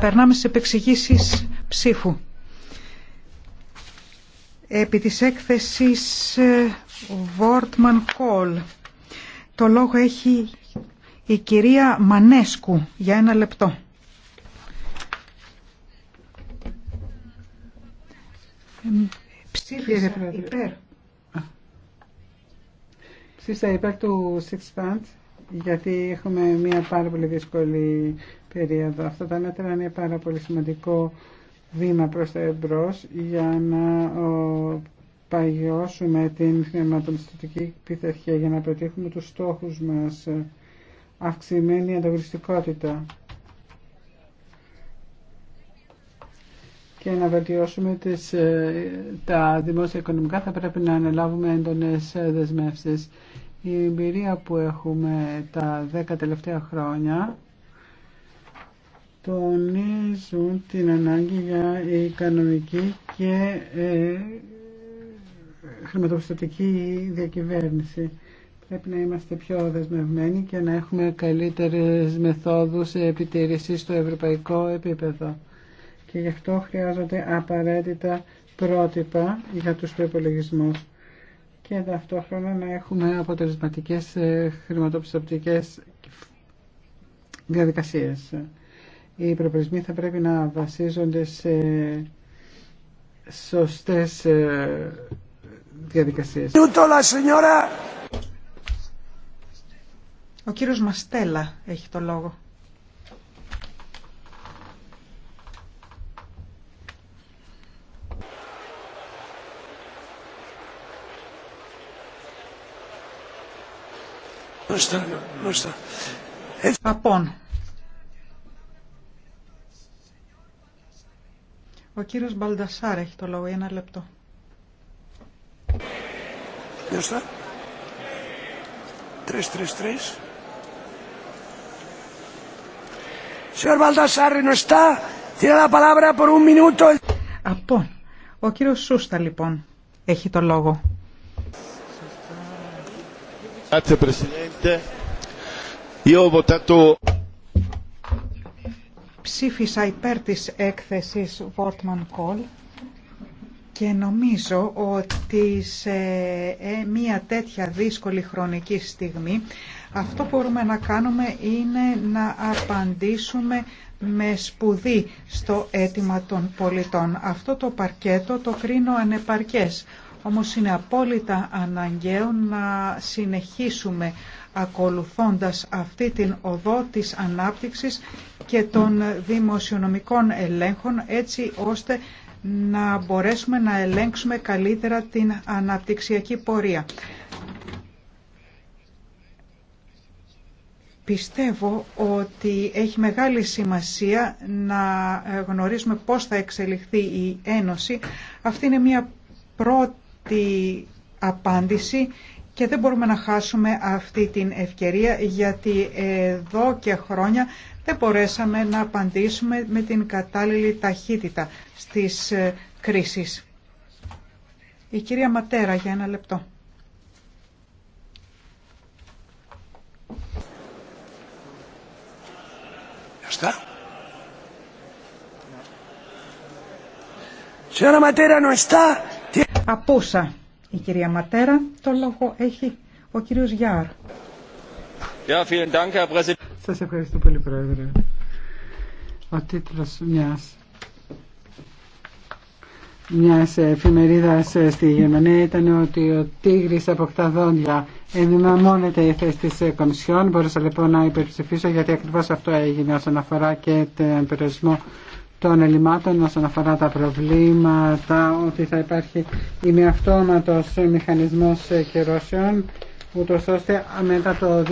Περνάμε στι επεξηγήσει ψήφου. Επί της έκθεσης ε, Βόρτμαν Κόλ. Το λόγο έχει η κυρία Μανέσκου για ένα λεπτό. υπέρ. Ψήφισα υπέρ του Six γιατί έχουμε μια πάρα πολύ δύσκολη περίοδο. Αυτά τα μέτρα είναι πάρα πολύ σημαντικό βήμα προς τα εμπρός για να παγιώσουμε την χρηματοπιστωτική πειθαρχία για να πετύχουμε τους στόχους μας αυξημένη ανταγωνιστικότητα και να βελτιώσουμε τις, ε, τα δημόσια οικονομικά θα πρέπει να αναλάβουμε έντονες ε, δεσμεύσεις η εμπειρία που έχουμε τα δέκα τελευταία χρόνια τονίζουν την ανάγκη για οικονομική και ε, χρηματοπιστωτική διακυβέρνηση. Πρέπει να είμαστε πιο δεσμευμένοι και να έχουμε καλύτερες μεθόδους επιτήρησης στο ευρωπαϊκό επίπεδο. Και γι' αυτό χρειάζονται απαραίτητα πρότυπα για τους προπολογισμού και ταυτόχρονα να έχουμε αποτελεσματικές ε, χρηματοπιστωτικές διαδικασίες. Οι προπορισμοί θα πρέπει να βασίζονται σε σωστές ε, διαδικασίες. Ο κύριος Μαστέλα έχει το λόγο. Ε, Απόν. Ο κύριος Μπαλντασάρ έχει το λόγο, ένα λεπτό. Ποιος Τρεις, Απόν. Ο κύριος Σούστα, λοιπόν, έχει το λόγο. Grazie, Presidente ψήφισα υπέρ της έκθεσης Βόρτμαν Call και νομίζω ότι σε ε, μια τέτοια δύσκολη χρονική στιγμή αυτό που μπορούμε να κάνουμε είναι να απαντήσουμε με σπουδή στο αίτημα των πολιτών. Αυτό το παρκέτο το κρίνω ανεπαρκές. Όμως είναι απόλυτα αναγκαίο να συνεχίσουμε ακολουθώντας αυτή την οδό της ανάπτυξης και των δημοσιονομικών ελέγχων έτσι ώστε να μπορέσουμε να ελέγξουμε καλύτερα την αναπτυξιακή πορεία. Πιστεύω ότι έχει μεγάλη σημασία να γνωρίζουμε πώς θα εξελιχθεί η Ένωση. Αυτή είναι μια πρώτη απάντηση και δεν μπορούμε να χάσουμε αυτή την ευκαιρία γιατί εδώ και χρόνια δεν μπορέσαμε να απαντήσουμε με την κατάλληλη ταχύτητα στις ε, κρίσεις. Η κυρία Ματέρα για ένα λεπτό. Απούσα η κυρία Ματέρα. Το λόγο έχει ο κύριος Γιάρ. Σα Σας ευχαριστώ πολύ, Πρόεδρε. Ο τίτλος μιας μια εφημερίδα στη Γερμανία ήταν ότι ο Τίγρης αποκτά δόντια. Ενδυναμώνεται η θέση τη Κομισιόν. Μπορούσα λοιπόν να υπερψηφίσω γιατί ακριβώς αυτό έγινε όσον αφορά και τον περιορισμό των ελλημάτων όσον αφορά τα προβλήματα, ότι θα υπάρχει ημιαυτόματος μηχανισμός κυρώσεων ούτως ώστε μετά το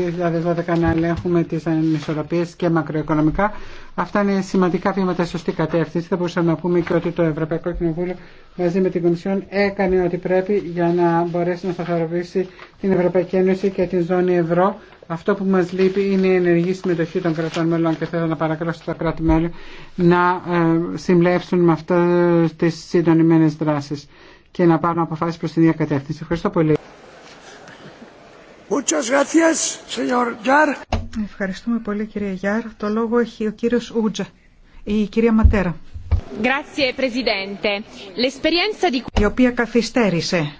2012 να ελέγχουμε τις ανισορροπίες και μακροοικονομικά. Αυτά είναι σημαντικά βήματα σωστή κατεύθυνση. Θα μπορούσαμε να πούμε και ότι το Ευρωπαϊκό Κοινοβούλιο μαζί με την Κομισιόν έκανε ό,τι πρέπει για να μπορέσει να σταθεροποιήσει την Ευρωπαϊκή Ένωση και την ζώνη ευρώ. Αυτό που μας λείπει είναι η ενεργή συμμετοχή των κρατών μελών και θέλω να παρακαλώσω τα κράτη-μέλη να ε, συμπλέψουν με αυτές τις συντονιμένες δράσεις και να πάρουν αποφάσεις προς την ίδια κατεύθυνση. Ευχαριστώ πολύ. Ευχαριστούμε πολύ κύριε Γιάρ. Το λόγο έχει ο κύριος Ούτζα, η κυρία Ματέρα. Η οποία καθυστέρησε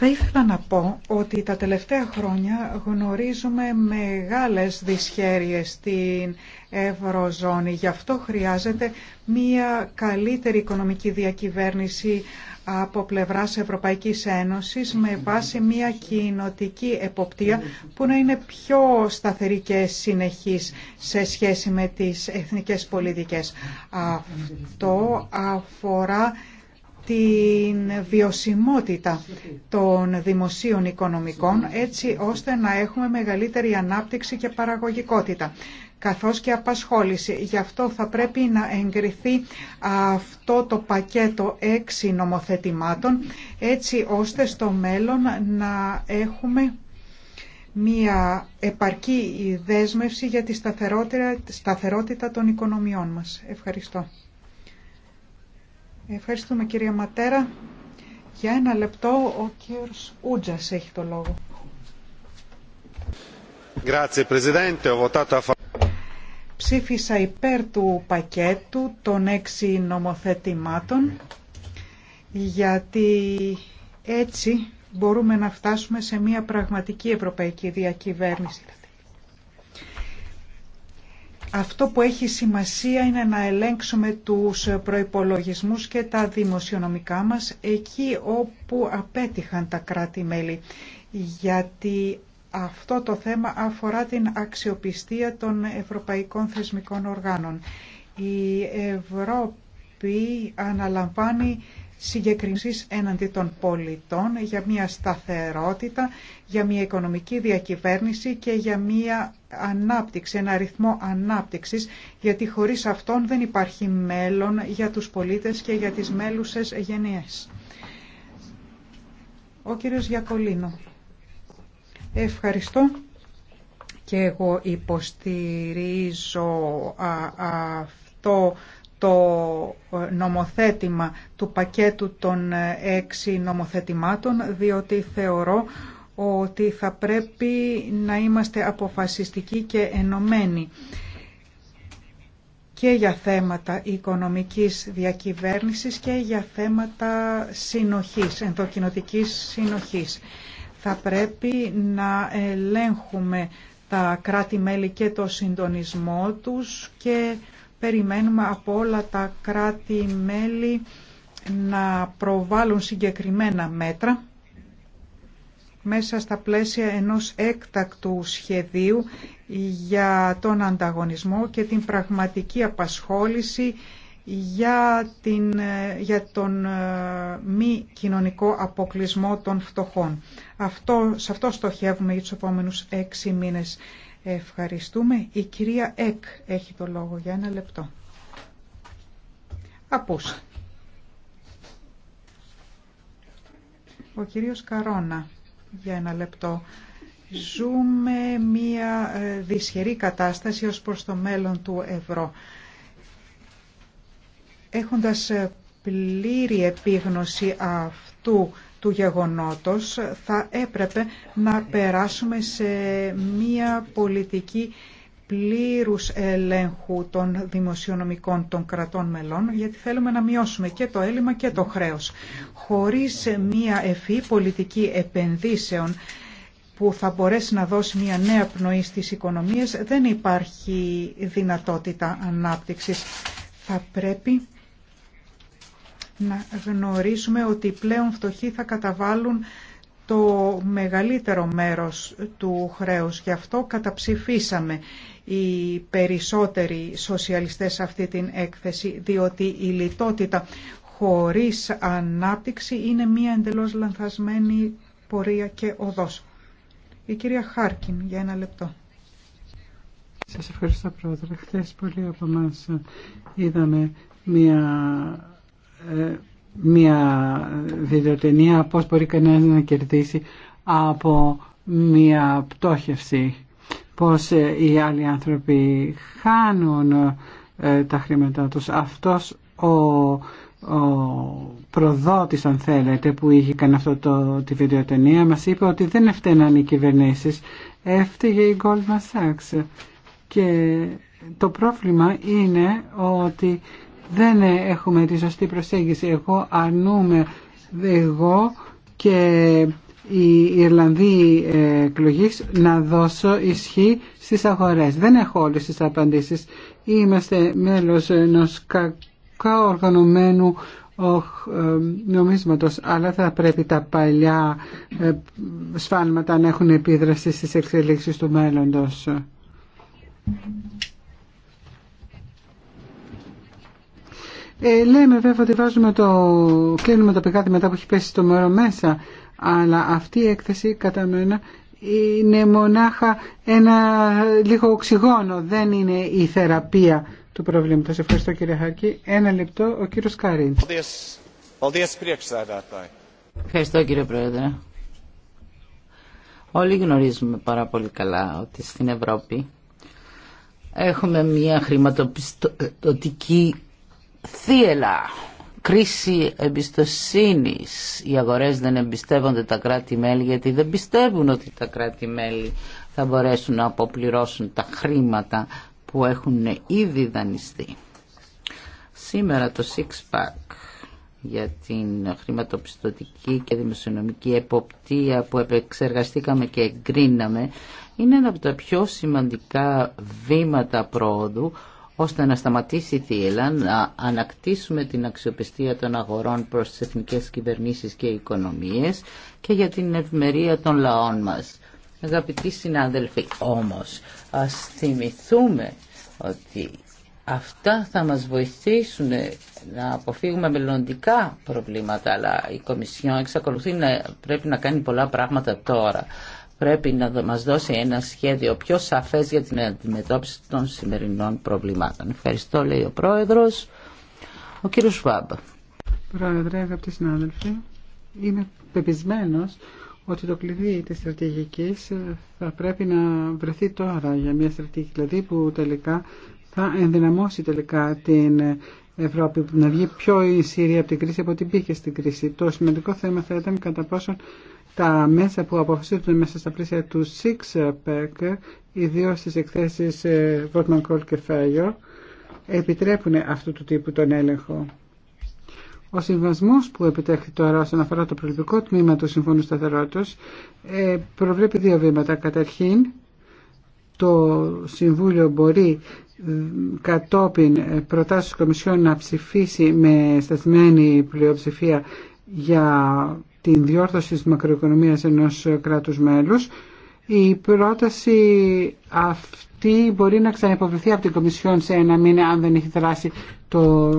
θα ήθελα να πω ότι τα τελευταία χρόνια γνωρίζουμε μεγάλες δυσχέρειες στην Ευρωζώνη. Γι' αυτό χρειάζεται μια καλύτερη οικονομική διακυβέρνηση από πλευράς Ευρωπαϊκής Ένωσης με βάση μια κοινοτική εποπτεία που να είναι πιο σταθερή και συνεχής σε σχέση με τις εθνικές πολιτικές. Αυτό αφορά την βιωσιμότητα των δημοσίων οικονομικών έτσι ώστε να έχουμε μεγαλύτερη ανάπτυξη και παραγωγικότητα καθώς και απασχόληση. Γι' αυτό θα πρέπει να εγκριθεί αυτό το πακέτο έξι νομοθετημάτων έτσι ώστε στο μέλλον να έχουμε μία επαρκή δέσμευση για τη σταθερότητα των οικονομιών μας. Ευχαριστώ. Ευχαριστούμε κυρία Ματέρα. Για ένα λεπτό ο κύριος Ούτζας έχει το λόγο. Ψήφισα υπέρ του πακέτου των έξι νομοθετημάτων γιατί έτσι μπορούμε να φτάσουμε σε μια πραγματική ευρωπαϊκή διακυβέρνηση. Αυτό που έχει σημασία είναι να ελέγξουμε τους προϋπολογισμούς και τα δημοσιονομικά μας εκεί όπου απέτυχαν τα κράτη-μέλη. Γιατί αυτό το θέμα αφορά την αξιοπιστία των ευρωπαϊκών θεσμικών οργάνων. Η Ευρώπη αναλαμβάνει συγκεκρινήσεις έναντι των πολιτών για μια σταθερότητα, για μια οικονομική διακυβέρνηση και για μια ανάπτυξη, ένα ρυθμό ανάπτυξης, γιατί χωρίς αυτόν δεν υπάρχει μέλλον για τους πολίτες και για τις μέλουσες γενιές. Ο κύριος Γιακολίνο. Ευχαριστώ. Και εγώ υποστηρίζω αυτό το ε, νομοθέτημα του πακέτου των ε, έξι νομοθετημάτων, διότι θεωρώ ότι θα πρέπει να είμαστε αποφασιστικοί και ενωμένοι και για θέματα οικονομικής διακυβέρνησης και για θέματα συνοχής, ενδοκινοτικής συνοχής. Θα πρέπει να ελέγχουμε τα κράτη-μέλη και το συντονισμό τους και περιμένουμε από όλα τα κράτη-μέλη να προβάλλουν συγκεκριμένα μέτρα μέσα στα πλαίσια ενός έκτακτου σχεδίου για τον ανταγωνισμό και την πραγματική απασχόληση για, για τον ε, μη κοινωνικό αποκλεισμό των φτωχών. Αυτό, σε αυτό στοχεύουμε για τους επόμενους έξι μήνες. Ευχαριστούμε. Η κυρία Εκ έχει το λόγο για ένα λεπτό. Απούσα. Ο κύριος Καρόνα για ένα λεπτό. Ζούμε μία ε, δυσχερή κατάσταση ως προς το μέλλον του ευρώ. Έχοντας ε, πλήρη επίγνωση αυτού του γεγονότος, θα έπρεπε να περάσουμε σε μία πολιτική πλήρους ελέγχου των δημοσιονομικών των κρατών μελών, γιατί θέλουμε να μειώσουμε και το έλλειμμα και το χρέος. Χωρίς μια ευφύ πολιτική επενδύσεων που θα μπορέσει να δώσει μια νέα πνοή στις οικονομίες, δεν υπάρχει δυνατότητα ανάπτυξης. Θα πρέπει να γνωρίσουμε ότι πλέον φτωχοί θα καταβάλουν το μεγαλύτερο μέρος του χρέους. Γι' αυτό καταψηφίσαμε οι περισσότεροι σοσιαλιστές αυτή την έκθεση, διότι η λιτότητα χωρίς ανάπτυξη είναι μία εντελώς λανθασμένη πορεία και οδός. Η κυρία Χάρκιν, για ένα λεπτό. Σας ευχαριστώ πρόεδρε. Χθες πολλοί από εμά είδαμε μια ε, μια βιντεοτενία πώς μπορεί κανένας να κερδίσει από μια πτώχευση πως ε, οι άλλοι άνθρωποι χάνουν ε, τα χρήματά τους αυτός ο, ο προδότης αν θέλετε που είχε κάνει αυτό το, τη βιντεοτενία μας είπε ότι δεν έφταναν οι κυβερνήσεις έφταιγε η Goldman Sachs και το πρόβλημα είναι ότι δεν έχουμε τη σωστή προσέγγιση. Εγώ αρνούμε εγώ και οι Ιρλανδοί ε, εκλογή να δώσω ισχύ στις αγορές. Δεν έχω όλες τις απαντήσεις. Είμαστε μέλος ενός κακά οργανωμένου ε, νομίσματος, αλλά θα πρέπει τα παλιά ε, σφάλματα να έχουν επίδραση στις εξελίξεις του μέλλοντος. Ε, λέμε βέβαια ότι βάζουμε το, κλείνουμε το πηγάδι μετά που έχει πέσει το μωρό μέσα, αλλά αυτή η έκθεση κατά μένα είναι μονάχα ένα λίγο οξυγόνο, δεν είναι η θεραπεία του προβλήματος. Ευχαριστώ κύριε Χάκη. Ένα λεπτό, ο κύριος Καρίν. Ευχαριστώ κύριε Πρόεδρε. Όλοι γνωρίζουμε πάρα πολύ καλά ότι στην Ευρώπη έχουμε μια χρηματοπιστωτική θύελα, κρίση εμπιστοσύνης. Οι αγορές δεν εμπιστεύονται τα κράτη-μέλη γιατί δεν πιστεύουν ότι τα κράτη-μέλη θα μπορέσουν να αποπληρώσουν τα χρήματα που έχουν ήδη δανειστεί. Σήμερα το Six Pack για την χρηματοπιστωτική και δημοσιονομική εποπτεία που επεξεργαστήκαμε και εγκρίναμε είναι ένα από τα πιο σημαντικά βήματα πρόοδου ώστε να σταματήσει η θύελα, να ανακτήσουμε την αξιοπιστία των αγορών προς τις εθνικές κυβερνήσεις και οικονομίες και για την ευμερία των λαών μας. Αγαπητοί συνάδελφοι, όμως, ας θυμηθούμε ότι αυτά θα μας βοηθήσουν να αποφύγουμε μελλοντικά προβλήματα, αλλά η Κομισιόν εξακολουθεί να πρέπει να κάνει πολλά πράγματα τώρα πρέπει να μας δώσει ένα σχέδιο πιο σαφές για την αντιμετώπιση των σημερινών προβλημάτων. Ευχαριστώ, λέει ο Πρόεδρος. Ο κύριος Σουάμπ. Πρόεδρε, αγαπητοί συνάδελφοι, είμαι πεπισμένος ότι το κλειδί της στρατηγικής ε, θα πρέπει να βρεθεί τώρα για μια στρατηγική δηλαδή που τελικά θα ενδυναμώσει τελικά την Ευρώπη να βγει πιο ισχυρή από την κρίση από την πήγε στην κρίση. Το σημαντικό θέμα θα ήταν κατά πόσον τα μέσα που αποφασίζονται μέσα στα πλαίσια του Six Pack, ιδίως στις εκθέσεις Βόρτμαν ε, Κόλ και Φάγιο, επιτρέπουν αυτού του τύπου τον έλεγχο. Ο συμβασμό που επιτέχθη τώρα όσον αφορά το προληπτικό τμήμα του Συμφώνου Σταθερότητα ε, προβλέπει δύο βήματα. Καταρχήν, το Συμβούλιο μπορεί κατόπιν ε, προτάσεις Κομισιόν να ψηφίσει με σταθμένη πλειοψηφία για την διόρθωση της μακροοικονομίας ενός κράτους μέλους. Η πρόταση αυτή μπορεί να ξαναποβληθεί από την Κομισιόν σε ένα μήνα αν δεν έχει δράσει το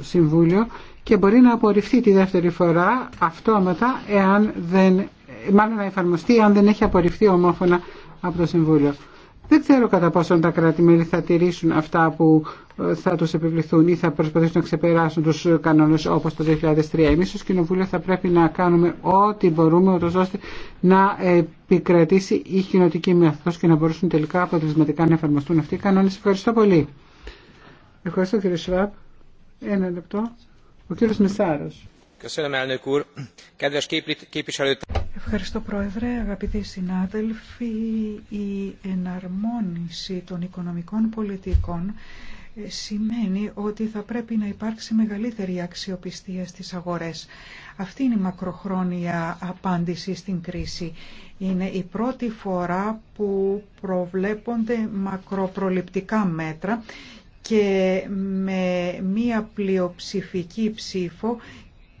Συμβούλιο και μπορεί να απορριφθεί τη δεύτερη φορά αυτόματα εάν δεν, μάλλον να εφαρμοστεί αν δεν έχει απορριφθεί ομόφωνα από το Συμβούλιο. Δεν ξέρω κατά πόσο τα κρατη θα τηρήσουν αυτά που ε, θα τους επιβληθούν ή θα προσπαθήσουν να ξεπεράσουν τους κανόνες όπως το 2003. Εμείς ως Κοινοβούλιο θα πρέπει να κάνουμε ό,τι μπορούμε ώστε να επικρατήσει η κοινοτική μέθοδος και να μπορούσαν τελικά αποτελεσματικά να εφαρμοστούν αυτοί οι κανόνες. Ευχαριστώ πολύ. Ευχαριστώ κύριε Σουάπ. Ένα λεπτό. Ο κύριος Μεσάρος. Ευχαριστώ Πρόεδρε, αγαπητοί συνάδελφοι. Η εναρμόνιση των οικονομικών πολιτικών ε, σημαίνει ότι θα πρέπει να υπάρξει μεγαλύτερη αξιοπιστία στις αγορές. Αυτή είναι η μακροχρόνια απάντηση στην κρίση. Είναι η πρώτη φορά που προβλέπονται μακροπροληπτικά μέτρα και με μία πλειοψηφική ψήφο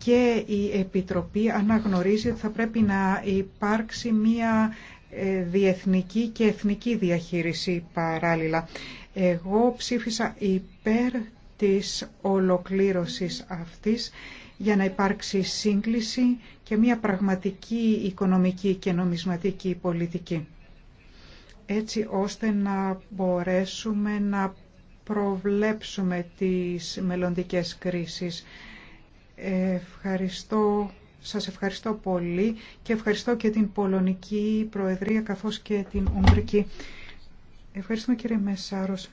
και η Επιτροπή αναγνωρίζει ότι θα πρέπει να υπάρξει μία ε, διεθνική και εθνική διαχείριση παράλληλα. Εγώ ψήφισα υπέρ της ολοκλήρωσης αυτής για να υπάρξει σύγκληση και μία πραγματική οικονομική και νομισματική πολιτική έτσι ώστε να μπορέσουμε να προβλέψουμε τις μελλοντικές κρίσεις Ευχαριστώ, σας ευχαριστώ πολύ και ευχαριστώ και την Πολωνική Προεδρία καθώς και την Ουγγρική. Ευχαριστούμε κύριε Μεσάρος.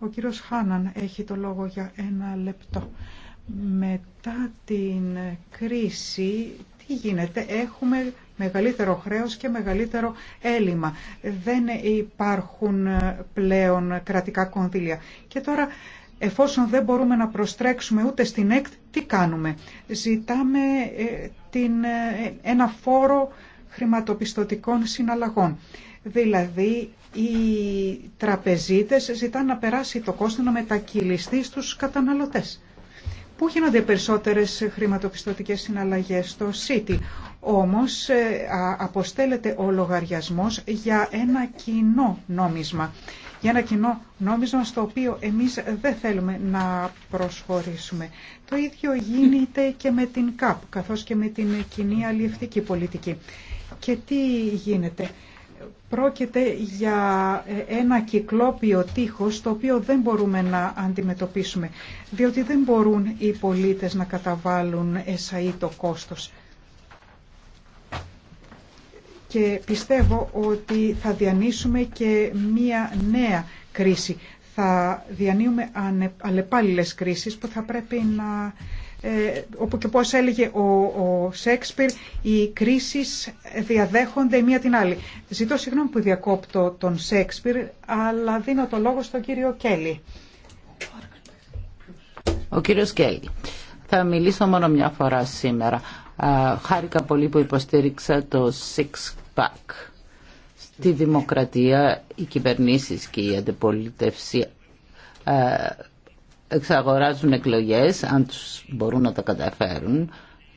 Ο κύριος Χάναν έχει το λόγο για ένα λεπτό. Μετά την κρίση, τι γίνεται, έχουμε μεγαλύτερο χρέος και μεγαλύτερο έλλειμμα. Δεν υπάρχουν πλέον κρατικά κονδύλια. Και τώρα Εφόσον δεν μπορούμε να προστρέξουμε ούτε στην ΕΚΤ, τι κάνουμε. Ζητάμε ε, την, ε, ένα φόρο χρηματοπιστωτικών συναλλαγών. Δηλαδή, οι τραπεζίτες ζητάνε να περάσει το κόστο να μετακυλιστεί στους καταναλωτές. Πού γίνονται περισσότερες χρηματοπιστωτικές συναλλαγές στο City, όμως ε, αποστέλλεται ο λογαριασμός για ένα κοινό νόμισμα για ένα κοινό νόμισμα στο οποίο εμείς δεν θέλουμε να προσχωρήσουμε. Το ίδιο γίνεται και με την ΚΑΠ, καθώς και με την κοινή αλληλευτική πολιτική. Και τι γίνεται. Πρόκειται για ε, ένα κυκλόπιο τείχος το οποίο δεν μπορούμε να αντιμετωπίσουμε, διότι δεν μπορούν οι πολίτες να καταβάλουν εσαΐ το κόστος και πιστεύω ότι θα διανύσουμε και μία νέα κρίση. Θα διανύουμε αλλεπάλληλες κρίσεις που θα πρέπει να... Ε, όπου και πώς έλεγε ο, ο Σέξπιρ, οι κρίσεις διαδέχονται μια φορά σήμερα. Χάρηκα πολύ που υποστήριξα το Six ΠΑΚ. Στη δημοκρατία οι κυβερνήσεις και η αντιπολίτευση ε, εξαγοράζουν εκλογές αν τους μπορούν να τα καταφέρουν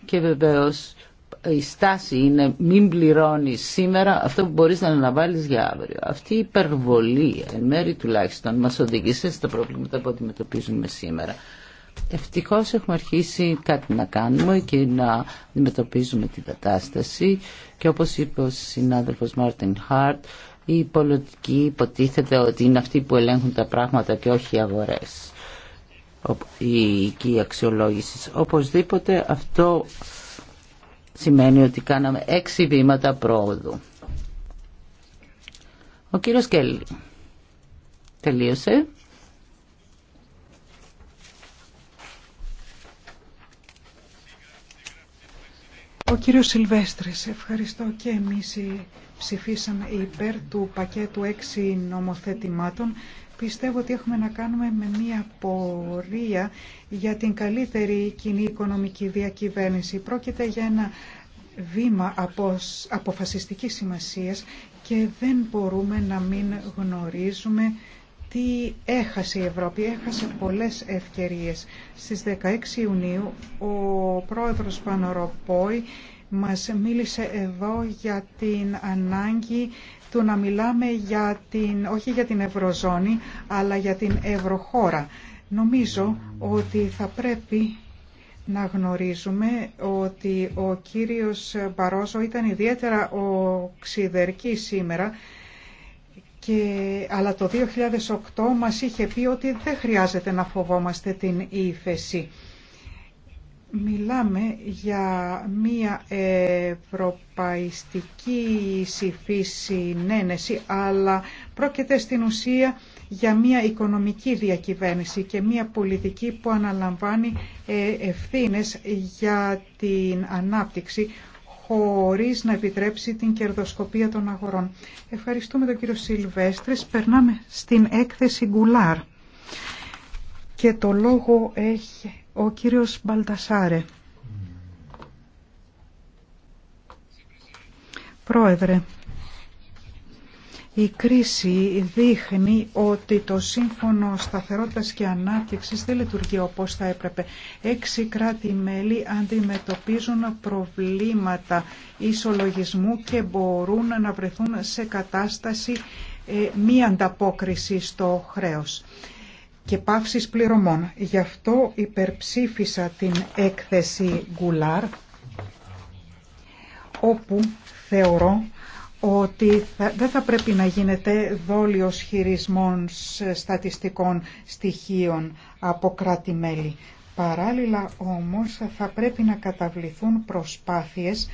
και βεβαίως η στάση είναι μην πληρώνει σήμερα αυτό που μπορείς να αναβάλεις για αύριο. Αυτή η υπερβολή εν μέρη τουλάχιστον μας οδήγησε στα προβλήματα που αντιμετωπίζουμε σήμερα. Ευτυχώ έχουμε αρχίσει κάτι να κάνουμε και να αντιμετωπίζουμε την κατάσταση και όπως είπε ο συνάδελφος Μάρτιν Χάρτ η πολιτική υποτίθεται ότι είναι αυτοί που ελέγχουν τα πράγματα και όχι οι αγορές η οικία αξιολόγηση. Οπωσδήποτε αυτό σημαίνει ότι κάναμε έξι βήματα πρόοδου. Ο κύριος Κέλλη τελείωσε. Ο κύριο Σιλβέστρης, ευχαριστώ και εμείς ψηφίσαμε υπέρ του πακέτου έξι νομοθετημάτων. Πιστεύω ότι έχουμε να κάνουμε με μία πορεία για την καλύτερη κοινή οικονομική διακυβέρνηση. Πρόκειται για ένα βήμα αποφασιστική αποφασιστικής σημασίας και δεν μπορούμε να μην γνωρίζουμε τι έχασε η Ευρώπη. Έχασε πολλές ευκαιρίες. Στις 16 Ιουνίου ο πρόεδρος Πανοροπόη μας μίλησε εδώ για την ανάγκη του να μιλάμε για την, όχι για την Ευρωζώνη, αλλά για την Ευρωχώρα. Νομίζω ότι θα πρέπει να γνωρίζουμε ότι ο κύριος Μπαρόζο ήταν ιδιαίτερα οξυδερκή σήμερα και, αλλά το 2008 μας είχε πει ότι δεν χρειάζεται να φοβόμαστε την ύφεση. Μιλάμε για μία ευρωπαϊστική συμφίση-νένεση, αλλά πρόκειται στην ουσία για μία οικονομική διακυβέρνηση και μία πολιτική που αναλαμβάνει ε, ευθύνες για την ανάπτυξη χωρίς να επιτρέψει την κερδοσκοπία των αγορών. Ευχαριστούμε τον κύριο Σιλβέστρης. Περνάμε στην έκθεση Γκουλάρ. Και το λόγο έχει ο κύριος Μπαλτασάρε. Mm. Πρόεδρε, η κρίση δείχνει ότι το Σύμφωνο Σταθερότητας και Ανάπτυξης δεν λειτουργεί όπως θα έπρεπε. Έξι κράτη-μέλη αντιμετωπίζουν προβλήματα ισολογισμού και μπορούν να βρεθούν σε κατάσταση ε, μη ανταπόκριση στο χρέος και πάυσης πληρωμών. Γι' αυτό υπερψήφισα την έκθεση Γκουλάρ, όπου θεωρώ ότι δεν θα πρέπει να γίνεται δόλιος χειρισμός στατιστικών στοιχείων από κράτη-μέλη. Παράλληλα όμως θα πρέπει να καταβληθούν προσπάθειες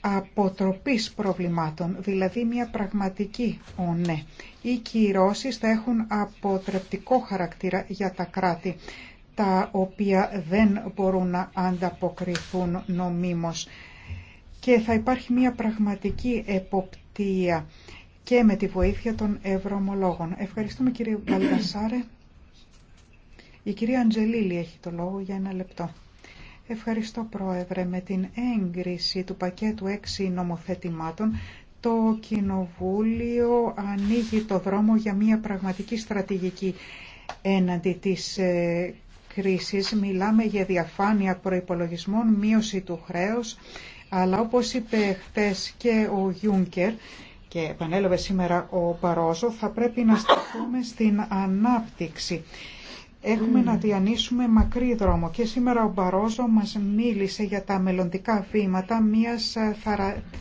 αποτροπής προβλημάτων, δηλαδή μια πραγματική ονέ. Οι κυρώσεις θα έχουν αποτρεπτικό χαρακτήρα για τα κράτη, τα οποία δεν μπορούν να ανταποκριθούν νομίμως και θα υπάρχει μια πραγματική εποπτεία και με τη βοήθεια των ευρωομολόγων. Ευχαριστούμε κύριε Καλτασάρε. Η κυρία Αντζελίλη έχει το λόγο για ένα λεπτό. Ευχαριστώ Πρόεδρε. Με την έγκριση του πακέτου έξι νομοθετημάτων το Κοινοβούλιο ανοίγει το δρόμο για μια πραγματική στρατηγική έναντι της ε, κρίσης. Μιλάμε για διαφάνεια προϋπολογισμών, μείωση του χρέους, αλλά όπως είπε χτες και ο Γιούνκερ και επανέλαβε σήμερα ο Παρόζο, θα πρέπει να σταθούμε στην ανάπτυξη. Έχουμε mm. να διανύσουμε μακρύ δρόμο και σήμερα ο Μπαρόζο μας μίλησε για τα μελλοντικά βήματα μιας ε,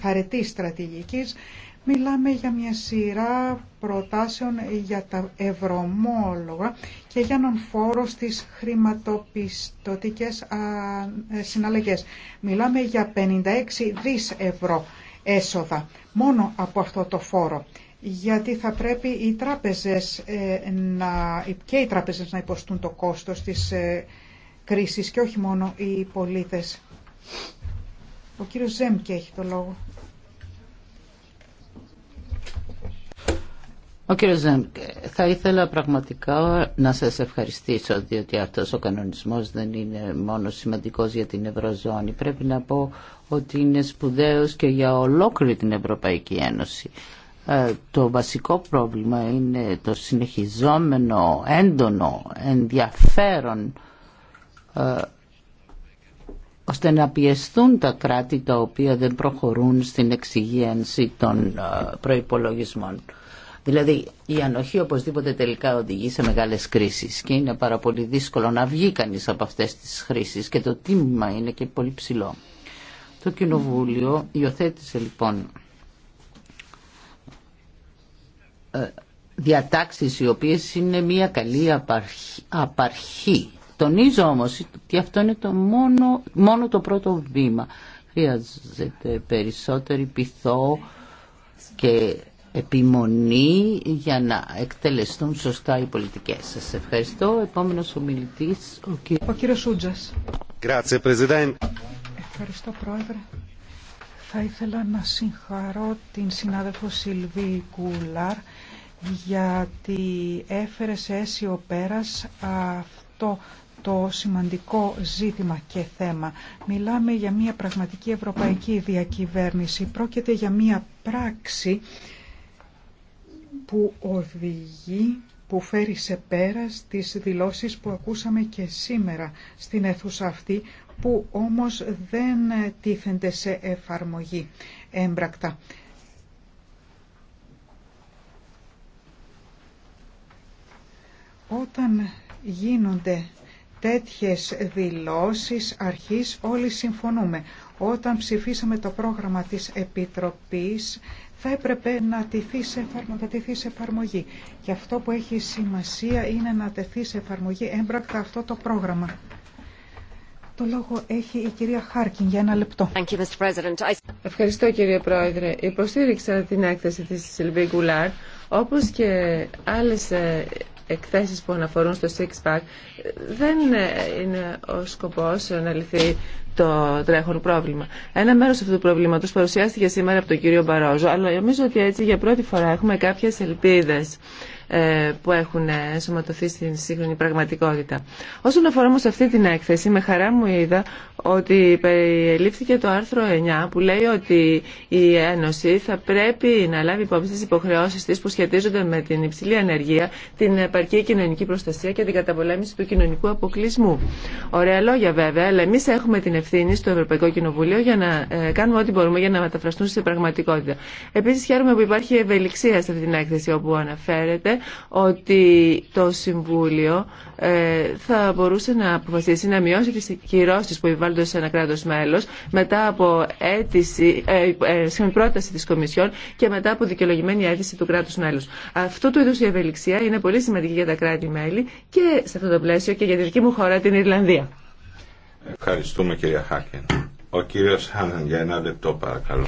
θαρετής στρατηγικής Μιλάμε για μια σειρά προτάσεων για τα ευρωμόλογα και για έναν φόρο στις χρηματοπιστωτικές ε, συναλλαγές. Μιλάμε για 56 δις ευρώ έσοδα μόνο από αυτό το φόρο γιατί θα πρέπει οι τράπεζες ε, να, και οι τράπεζες να υποστούν το κόστος της ε, κρίσης και όχι μόνο οι πολίτες. Ο κύριος και έχει το λόγο. Ο κύριος θα ήθελα πραγματικά να σας ευχαριστήσω διότι αυτός ο κανονισμός δεν είναι μόνο σημαντικός για την Ευρωζώνη. Πρέπει να πω ότι είναι σπουδαίος και για ολόκληρη την Ευρωπαϊκή Ένωση. Ε, το βασικό πρόβλημα είναι το συνεχιζόμενο έντονο ενδιαφέρον ε, ώστε να πιεστούν τα κράτη τα οποία δεν προχωρούν στην εξυγίανση των ε, προϋπολογισμών. Δηλαδή η ανοχή οπωσδήποτε τελικά οδηγεί σε μεγάλες κρίσεις και είναι πάρα πολύ δύσκολο να βγει κανείς από αυτές τις χρήσεις και το τίμημα είναι και πολύ ψηλό. Το Κοινοβούλιο υιοθέτησε λοιπόν ε, διατάξεις οι οποίες είναι μια καλή απαρχή. Τονίζω όμως ότι αυτό είναι το μόνο, μόνο το πρώτο βήμα. Χρειάζεται περισσότερη πειθό και επιμονή για να εκτελεστούν σωστά οι πολιτικές. Σας ευχαριστώ. Επόμενος ομιλητής, ο, κύριος... ο κύριος Σούτζας. Ευχαριστώ πρόεδρε. Θα ήθελα να συγχαρώ την συνάδελφο Σιλβί Κουλάρ γιατί έφερε σε αίσιο πέρας αυτό το σημαντικό ζήτημα και θέμα. Μιλάμε για μια πραγματική ευρωπαϊκή διακυβέρνηση. Πρόκειται για μια πράξη που οδηγεί, που φέρει σε πέρας τις δηλώσεις που ακούσαμε και σήμερα στην αίθουσα αυτή, που όμως δεν τίθενται σε εφαρμογή έμπρακτα. Όταν γίνονται τέτοιες δηλώσεις αρχής όλοι συμφωνούμε. Όταν ψηφίσαμε το πρόγραμμα της Επιτροπής θα έπρεπε να, τεθεί σε εφαρμο... σε εφαρμογή. Και αυτό που έχει σημασία είναι να τεθεί σε εφαρμογή έμπρακτα αυτό το πρόγραμμα. Το λόγο έχει η κυρία Χάρκιν για ένα λεπτό. Ευχαριστώ κύριε Πρόεδρε. Υποστήριξα την έκθεση της Σιλβί Γκουλάρ όπως και άλλες ε, εκθέσεις που αναφορούν στο six pack δεν είναι ο σκοπός να λυθεί το τρέχον πρόβλημα. Ένα μέρος αυτού του προβλήματος παρουσιάστηκε σήμερα από τον κύριο Μπαρόζο, αλλά νομίζω ότι έτσι για πρώτη φορά έχουμε κάποιες ελπίδες. Ε, που έχουν σωματωθεί στην σύγχρονη πραγματικότητα. Όσον αφορά όμω αυτή την έκθεση, με χαρά μου είδα ότι περιελήφθηκε το άρθρο 9 που λέει ότι η Ένωση θα πρέπει να λάβει υπόψη τις υποχρεώσει τη που σχετίζονται με την υψηλή ανεργία, την επαρκή κοινωνική προστασία και την καταπολέμηση του κοινωνικού αποκλεισμού. Ωραία λόγια βέβαια, αλλά εμεί έχουμε την ευθύνη στο Ευρωπαϊκό Κοινοβούλιο για να ε, κάνουμε ό,τι μπορούμε για να μεταφραστούν σε πραγματικότητα. Επίση χαίρομαι που υπάρχει ευελιξία σε αυτή την έκθεση όπου αναφέρεται ότι το Συμβούλιο ε, θα μπορούσε να αποφασίσει να μειώσει τις κυρώσεις που επιβάλλονται σε ένα κράτος μέλος μετά από αίτηση, ε, ε πρόταση της Κομισιόν και μετά από δικαιολογημένη αίτηση του κράτους μέλους. Αυτό το είδους η ευελιξία είναι πολύ σημαντική για τα κράτη-μέλη και σε αυτό το πλαίσιο και για τη δική μου χώρα την Ιρλανδία. Ευχαριστούμε κυρία Χάκεν. Ο κύριος Χάναν για ένα λεπτό παρακαλώ.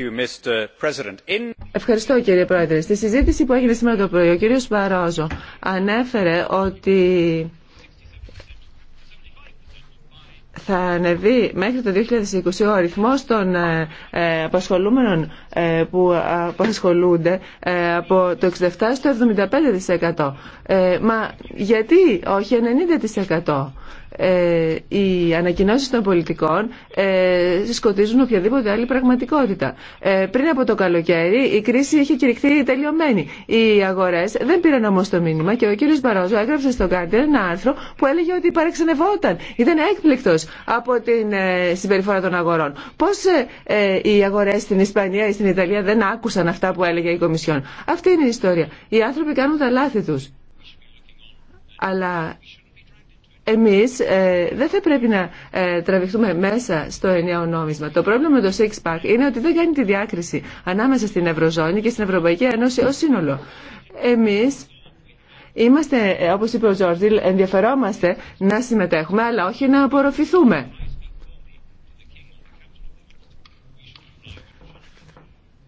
Ευχαριστώ κύριε Πρόεδρε. Στη συζήτηση που έγινε σήμερα το πρωί ο κύριος Μπαρόζο ανέφερε ότι θα ανεβεί μέχρι το 2020 ο αριθμός των ε, ε, απασχολούμενων ε, που απασχολούνται από το 67% στο 75%. Μα γιατί όχι 90% ε, οι ανακοινώσει των πολιτικών ε, σκοτίζουν οποιαδήποτε άλλη πραγματικότητα. Ε, πριν από το καλοκαίρι η κρίση είχε κηρυχθεί τελειωμένη. Οι αγορέ δεν πήραν όμω το μήνυμα και ο κύριο Μπαρόζο έγραψε στον Guardian ένα άρθρο που έλεγε ότι παρεξενευόταν. Ήταν έκπληκτο από την ε, συμπεριφορά των αγορών. Πώ ε, ε, οι αγορέ στην Ισπανία ή στην Ιταλία δεν άκουσαν αυτά που έλεγε η Κομισιόν. Αυτή είναι η ιστορία. Οι άνθρωποι κάνουν τα λάθη του. Αλλά εμείς ε, δεν θα πρέπει να ε, τραβηχτούμε μέσα στο ενιαίο νόμισμα. Το πρόβλημα με το six pack είναι ότι δεν κάνει τη διάκριση ανάμεσα στην Ευρωζώνη και στην Ευρωπαϊκή Ένωση ως σύνολο. Εμείς είμαστε, ε, όπως είπε ο Τζόρτζιλ, ενδιαφερόμαστε να συμμετέχουμε αλλά όχι να απορροφηθούμε.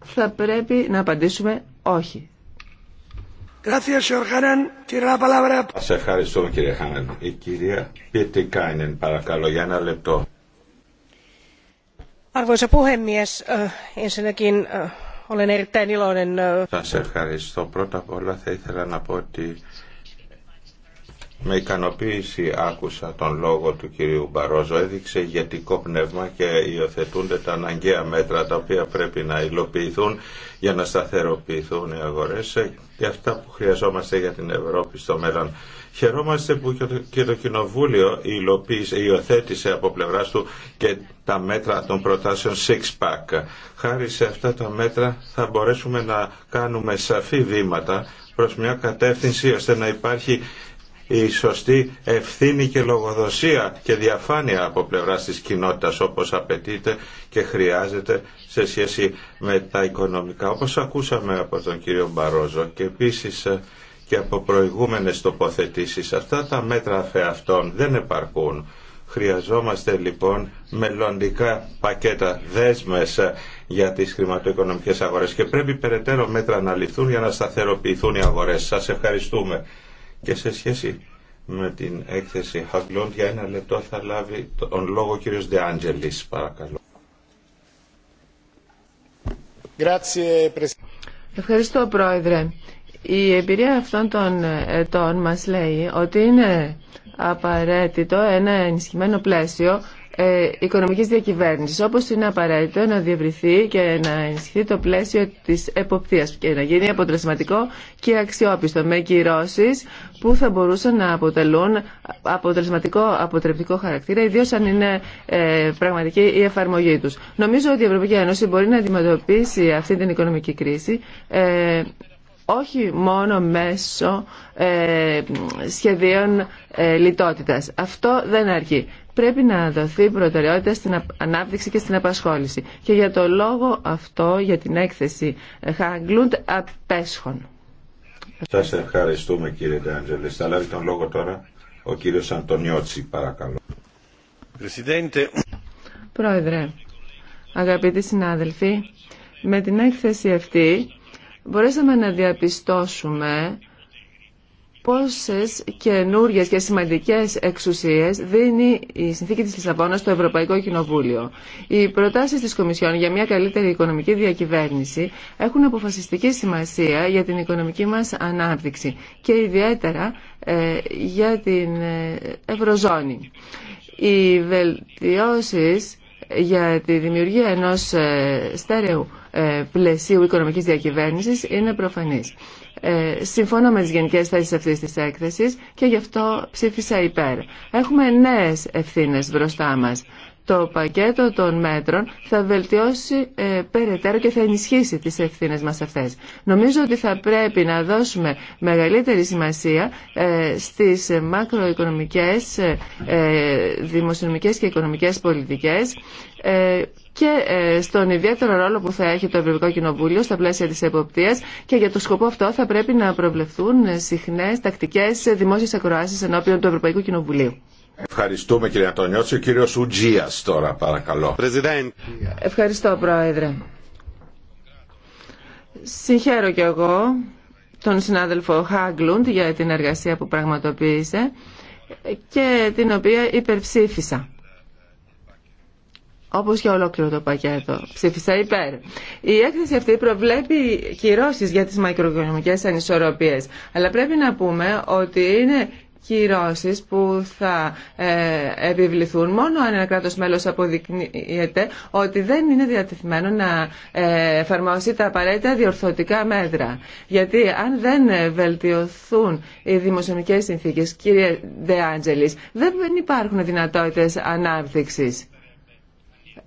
Θα πρέπει να απαντήσουμε όχι. Σας ευχαριστώ κύριε Χάναν. Η κυρία Κάινεν, παρακαλώ για ένα λεπτό. Arvoisa eh, eh, eh, ευχαριστώ. Πρώτα απ' όλα θα ήθελα να πω ότι με ικανοποίηση άκουσα τον λόγο του κυρίου Μπαρόζο. Έδειξε ηγετικό πνεύμα και υιοθετούνται τα αναγκαία μέτρα τα οποία πρέπει να υλοποιηθούν για να σταθεροποιηθούν οι αγορές και αυτά που χρειαζόμαστε για την Ευρώπη στο μέλλον. Χαιρόμαστε που και το Κοινοβούλιο υιοθέτησε από πλευρά του και τα μέτρα των προτάσεων six pack. Χάρη σε αυτά τα μέτρα θα μπορέσουμε να κάνουμε σαφή βήματα προς μια κατεύθυνση ώστε να υπάρχει η σωστή ευθύνη και λογοδοσία και διαφάνεια από πλευρά της κοινότητας όπως απαιτείται και χρειάζεται σε σχέση με τα οικονομικά όπως ακούσαμε από τον κύριο Μπαρόζο και επίση ε, και από προηγούμενε τοποθετήσει, αυτά τα μέτρα αυτών δεν επαρκούν. Χρειαζόμαστε λοιπόν μελλοντικά πακέτα δέσμες ε, για τις χρηματοοικονομικές αγορές και πρέπει περαιτέρω μέτρα να ληφθούν για να σταθεροποιηθούν οι αγορές. Σας ευχαριστούμε. Και σε σχέση με την έκθεση Χαγκλόντ για ένα λεπτό θα λάβει τον λόγο ο κύριος Ντεάντζελης παρακαλώ. Ευχαριστώ Πρόεδρε. Η εμπειρία αυτών των ετών μας λέει ότι είναι απαραίτητο ένα ενισχυμένο πλαίσιο ε, οικονομική διακυβέρνηση όπω είναι απαραίτητο να διευρυθεί και να ενισχυθεί το πλαίσιο τη εποπτείας και να γίνει αποτελεσματικό και αξιόπιστο με κυρώσει που θα μπορούσαν να αποτελούν αποτελεσματικό αποτρεπτικό χαρακτήρα, ιδίω αν είναι ε, πραγματική η εφαρμογή του. Νομίζω ότι η Ευρωπαϊκή Ένωση μπορεί να αντιμετωπίσει αυτή την οικονομική κρίση ε, όχι μόνο μέσω ε, σχεδίων ε, λιτότητας. Αυτό δεν αρκεί πρέπει να δοθεί προτεραιότητα στην ανάπτυξη και στην απασχόληση. Και για το λόγο αυτό, για την έκθεση ε, Χαγκλούντ, απέσχον. σα ευχαριστούμε κύριε Ντάντζελε. Θα λάβει τον λόγο τώρα ο κύριο Αντωνιώτση, παρακαλώ. Πρόεδρε, αγαπητοί συνάδελφοι, με την έκθεση αυτή μπορέσαμε να διαπιστώσουμε πόσες καινούριε και σημαντικές εξουσίες δίνει η συνθήκη της Λισαβόνα στο Ευρωπαϊκό Κοινοβούλιο. Οι προτάσεις της Κομισιόν για μια καλύτερη οικονομική διακυβέρνηση έχουν αποφασιστική σημασία για την οικονομική μας ανάπτυξη και ιδιαίτερα ε, για την ε, Ευρωζώνη. Οι βελτιώσεις για τη δημιουργία ενός ε, στέρεου πλαισίου οικονομικής διακυβέρνησης είναι προφανής. Ε, συμφωνώ με τις γενικές θέσεις αυτής της έκθεσης και γι' αυτό ψήφισα υπέρ. Έχουμε νέες ευθύνες μπροστά μας. Το πακέτο των μέτρων θα βελτιώσει ε, περαιτέρω και θα ενισχύσει τις ευθύνες μας αυτές. Νομίζω ότι θα πρέπει να δώσουμε μεγαλύτερη σημασία ε, στις μακροοικονομικές, ε, ε, δημοσιονομικές και οικονομικές πολιτικές και στον ιδιαίτερο ρόλο που θα έχει το Ευρωπαϊκό Κοινοβούλιο στα πλαίσια της εποπτείας και για το σκοπό αυτό θα πρέπει να προβλεφθούν συχνές τακτικές δημόσιες ακροάσεις ενώπιον του Ευρωπαϊκού Κοινοβουλίου. Ευχαριστούμε κύριε Αντωνιώτση. Ο κύριος Ουτζίας τώρα παρακαλώ. Ευχαριστώ πρόεδρε. Συγχαίρω κι εγώ τον συνάδελφο Χάγκλουντ για την εργασία που πραγματοποίησε και την οποία υπερψήφισα. Όπως και ολόκληρο το πακέτο. Ψήφισα υπέρ. Η έκθεση αυτή προβλέπει κυρώσεις για τις μακροοικονομικές ανισορροπίες. Αλλά πρέπει να πούμε ότι είναι κυρώσεις που θα ε, επιβληθούν μόνο αν ένα κράτο μέλος αποδεικνύεται ότι δεν είναι διατεθειμένο να ε, εφαρμόσει τα απαραίτητα διορθωτικά μέτρα. Γιατί αν δεν βελτιωθούν οι δημοσιονομικέ συνθήκες, κύριε Ντεάντζελης, δεν υπάρχουν δυνατότητε ανάπτυξη.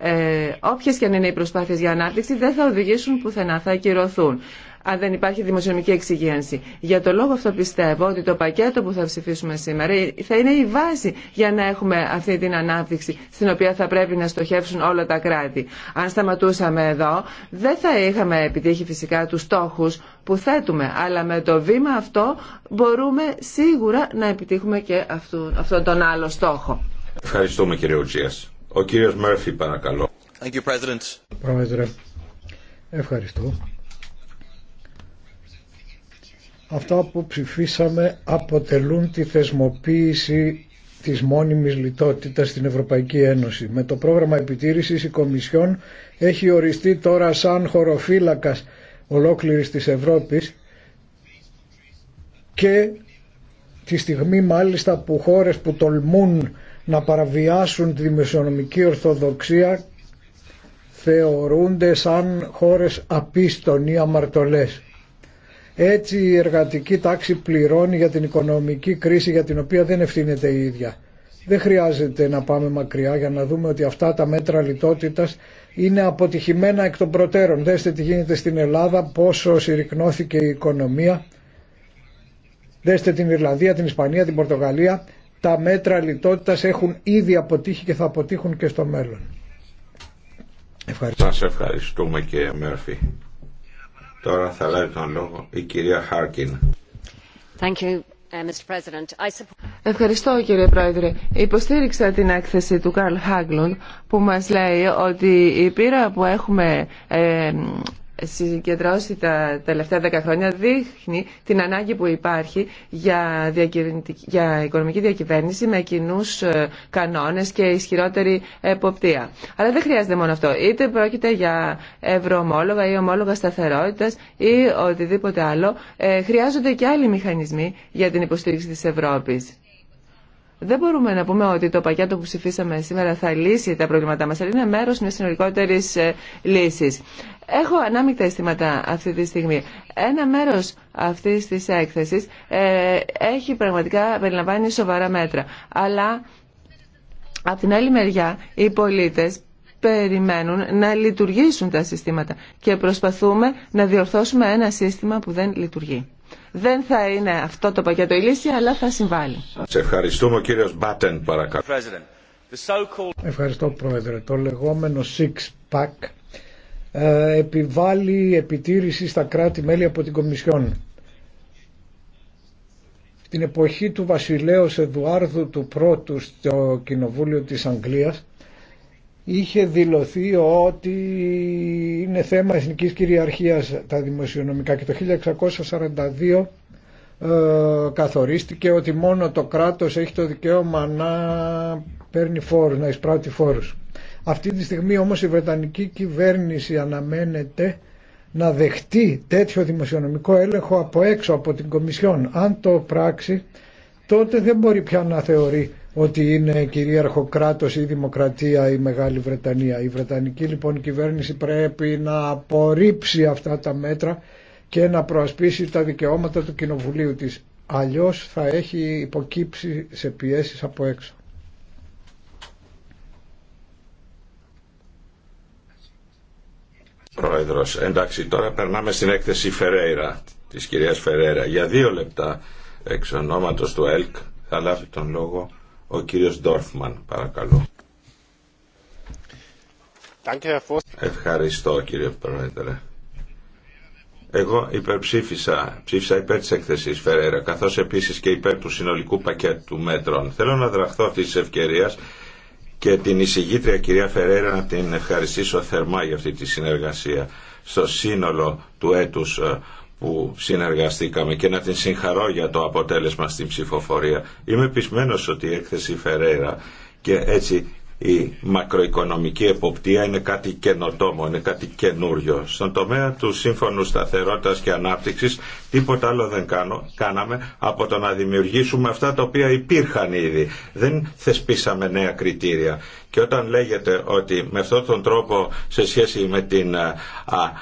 Ε, όποιες και αν είναι οι προσπάθειες για ανάπτυξη δεν θα οδηγήσουν πουθενά, θα ακυρωθούν αν δεν υπάρχει δημοσιονομική εξυγίανση. Για το λόγο αυτό πιστεύω ότι το πακέτο που θα ψηφίσουμε σήμερα θα είναι η βάση για να έχουμε αυτή την ανάπτυξη στην οποία θα πρέπει να στοχεύσουν όλα τα κράτη. Αν σταματούσαμε εδώ, δεν θα είχαμε επιτύχει φυσικά τους στόχους που θέτουμε, αλλά με το βήμα αυτό μπορούμε σίγουρα να επιτύχουμε και αυτόν αυτό τον άλλο στόχο. Ευχαριστούμε κύριε Ουτζίας. Ο κύριος Μέρφυ παρακαλώ. ευχαριστώ. Αυτά που ψηφίσαμε αποτελούν τη θεσμοποίηση της μόνιμης λιτότητας στην Ευρωπαϊκή Ένωση. Με το πρόγραμμα επιτήρησης η Κομισιόν έχει οριστεί τώρα σαν χωροφύλακας ολόκληρης της Ευρώπης και τη στιγμή μάλιστα που χώρες που τολμούν να παραβιάσουν τη δημοσιονομική ορθοδοξία θεωρούνται σαν χώρες απίστων ή αμαρτωλές. Έτσι η εργατική τάξη πληρώνει για την οικονομική κρίση για την οποία δεν ευθύνεται η ίδια. Δεν χρειάζεται να πάμε μακριά για να δούμε ότι αυτά τα μέτρα λιτότητας είναι αποτυχημένα εκ των προτέρων. Δέστε τι γίνεται στην Ελλάδα, πόσο συρρυκνώθηκε η οικονομία. Δέστε την Ιρλανδία, την Ισπανία, την Πορτογαλία. Τα μέτρα λιτότητας έχουν ήδη αποτύχει και θα αποτύχουν και στο μέλλον. Ευχαριστώ. Σας ευχαριστούμε κύριε Μέρφη. Τώρα θα λάβει τον λόγο η κυρία Χάρκιν. Uh, Ευχαριστώ κύριε Πρόεδρε. Υποστήριξα την έκθεση του Καρλ Χάγκλουντ που μας λέει ότι η πείρα που έχουμε ε, συγκεντρώσει τα τελευταία δέκα χρόνια δείχνει την ανάγκη που υπάρχει για, για οικονομική διακυβέρνηση με κοινού ε, κανόνες και ισχυρότερη εποπτεία. Αλλά δεν χρειάζεται μόνο αυτό. Είτε πρόκειται για ευρωομόλογα ή ομόλογα σταθερότητας ή οτιδήποτε άλλο, ε, χρειάζονται και άλλοι μηχανισμοί για την υποστήριξη της Ευρώπης. Δεν μπορούμε να πούμε ότι το πακέτο που ψηφίσαμε σήμερα θα λύσει τα προβλήματά μας, αλλά είναι μέρος μιας συνολικότερης ε, λύσης. Έχω ανάμεικτα αισθήματα αυτή τη στιγμή. Ένα μέρος αυτής της έκθεσης ε, έχει πραγματικά περιλαμβάνει σοβαρά μέτρα. Αλλά από την άλλη μεριά οι πολίτες περιμένουν να λειτουργήσουν τα συστήματα και προσπαθούμε να διορθώσουμε ένα σύστημα που δεν λειτουργεί δεν θα είναι αυτό το πακέτο η λύση, αλλά θα συμβάλλει. Σε ευχαριστούμε Μπάτεν παρακαλώ. Ευχαριστώ πρόεδρε. Το λεγόμενο six pack ε, επιβάλλει επιτήρηση στα κράτη-μέλη από την Κομισιόν. Την εποχή του βασιλέως Εδουάρδου του πρώτου στο Κοινοβούλιο της Αγγλίας είχε δηλωθεί ότι είναι θέμα εθνικής κυριαρχίας τα δημοσιονομικά και το 1642 ε, καθορίστηκε ότι μόνο το κράτος έχει το δικαίωμα να παίρνει φόρους, να εισπράττει φόρους. Αυτή τη στιγμή όμως η Βρετανική κυβέρνηση αναμένεται να δεχτεί τέτοιο δημοσιονομικό έλεγχο από έξω από την Κομισιόν. Αν το πράξει τότε δεν μπορεί πια να θεωρεί ότι είναι κυρίαρχο κράτος ή δημοκρατία η Μεγάλη Βρετανία. Η Βρετανική λοιπόν κυβέρνηση πρέπει να απορρίψει αυτά τα μέτρα και να προασπίσει τα δικαιώματα του Κοινοβουλίου της. Αλλιώς θα έχει υποκύψει σε πιέσεις από έξω. Πρόεδρος, εντάξει τώρα περνάμε στην έκθεση Φερέιρα, της κυρίας Φερέιρα. Για δύο λεπτά εξ ονόματος του ΕΛΚ θα λάβει τον λόγο ο κύριος Ντόρφμαν, παρακαλώ. Ευχαριστώ κύριε Πρόεδρε. Εγώ υπερψήφισα, ψήφισα υπέρ τη έκθεσης Φεραίρα, καθώς επίσης και υπέρ του συνολικού πακέτου μέτρων. Θέλω να δραχθώ αυτή τη ευκαιρία και την εισηγήτρια κυρία Φερέρα να την ευχαριστήσω θερμά για αυτή τη συνεργασία στο σύνολο του έτους ε, που συνεργαστήκαμε και να την συγχαρώ για το αποτέλεσμα στην ψηφοφορία. Είμαι πεισμένος ότι η έκθεση Φερέρα και έτσι η μακροοικονομική εποπτεία είναι κάτι καινοτόμο, είναι κάτι καινούριο. Στον τομέα του Σύμφωνου Σταθερότητας και Ανάπτυξης τίποτα άλλο δεν κάνω, κάναμε από το να δημιουργήσουμε αυτά τα οποία υπήρχαν ήδη. Δεν θεσπίσαμε νέα κριτήρια. Και όταν λέγεται ότι με αυτόν τον τρόπο σε σχέση με την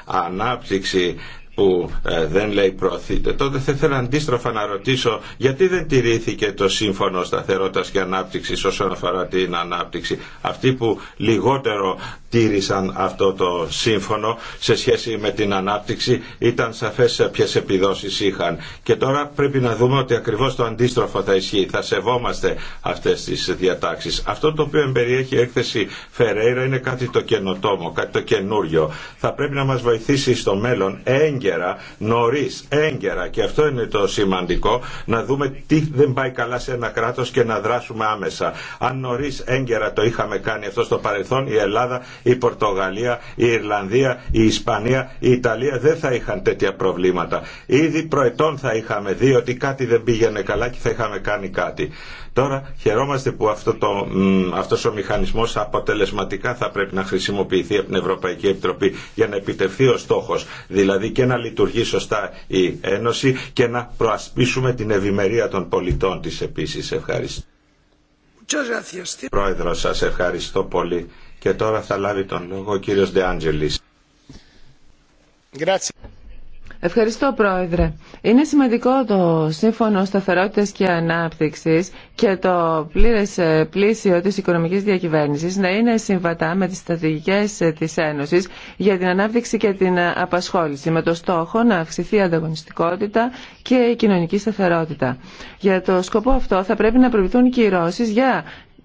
ανάπτυξη που ε, δεν λέει προωθείται. Τότε θα ήθελα αντίστροφα να ρωτήσω γιατί δεν τηρήθηκε το σύμφωνο σταθερότητας και ανάπτυξης όσον αφορά την ανάπτυξη. Αυτή που λιγότερο τήρησαν αυτό το σύμφωνο σε σχέση με την ανάπτυξη ήταν σαφές ποιες επιδόσεις είχαν και τώρα πρέπει να δούμε ότι ακριβώς το αντίστροφο θα ισχύει θα σεβόμαστε αυτές τις διατάξεις αυτό το οποίο εμπεριέχει η έκθεση Φερέιρα είναι κάτι το καινοτόμο κάτι το καινούριο θα πρέπει να μας βοηθήσει στο μέλλον έγκαιρα νωρί, έγκαιρα και αυτό είναι το σημαντικό να δούμε τι δεν πάει καλά σε ένα κράτος και να δράσουμε άμεσα αν νωρί έγκαιρα το είχαμε κάνει αυτό στο παρελθόν η Ελλάδα η Πορτογαλία, η Ιρλανδία, η Ισπανία, η Ιταλία δεν θα είχαν τέτοια προβλήματα. Ήδη προετών θα είχαμε δει ότι κάτι δεν πήγαινε καλά και θα είχαμε κάνει κάτι. Τώρα χαιρόμαστε που αυτό το, αυτός ο μηχανισμός αποτελεσματικά θα πρέπει να χρησιμοποιηθεί από την Ευρωπαϊκή Επιτροπή για να επιτευχθεί ο στόχος, δηλαδή και να λειτουργεί σωστά η Ένωση και να προασπίσουμε την ευημερία των πολιτών της επίσης. Ευχαριστώ. Πρόεδρο, σας ευχαριστώ πολύ. Και τώρα θα λάβει τον λόγο ο κύριος Ντεάντζελης. Ευχαριστώ Πρόεδρε. Είναι σημαντικό το Σύμφωνο Σταθερότητας και Ανάπτυξης και το πλήρες ε, πλήσιο της οικονομικής διακυβέρνησης να είναι συμβατά με τις στρατηγικές ε, της Ένωσης για την ανάπτυξη και την ε, απασχόληση με το στόχο να αυξηθεί η ανταγωνιστικότητα και η κοινωνική σταθερότητα. Για το σκοπό αυτό θα πρέπει να προβληθούν κυρώσεις για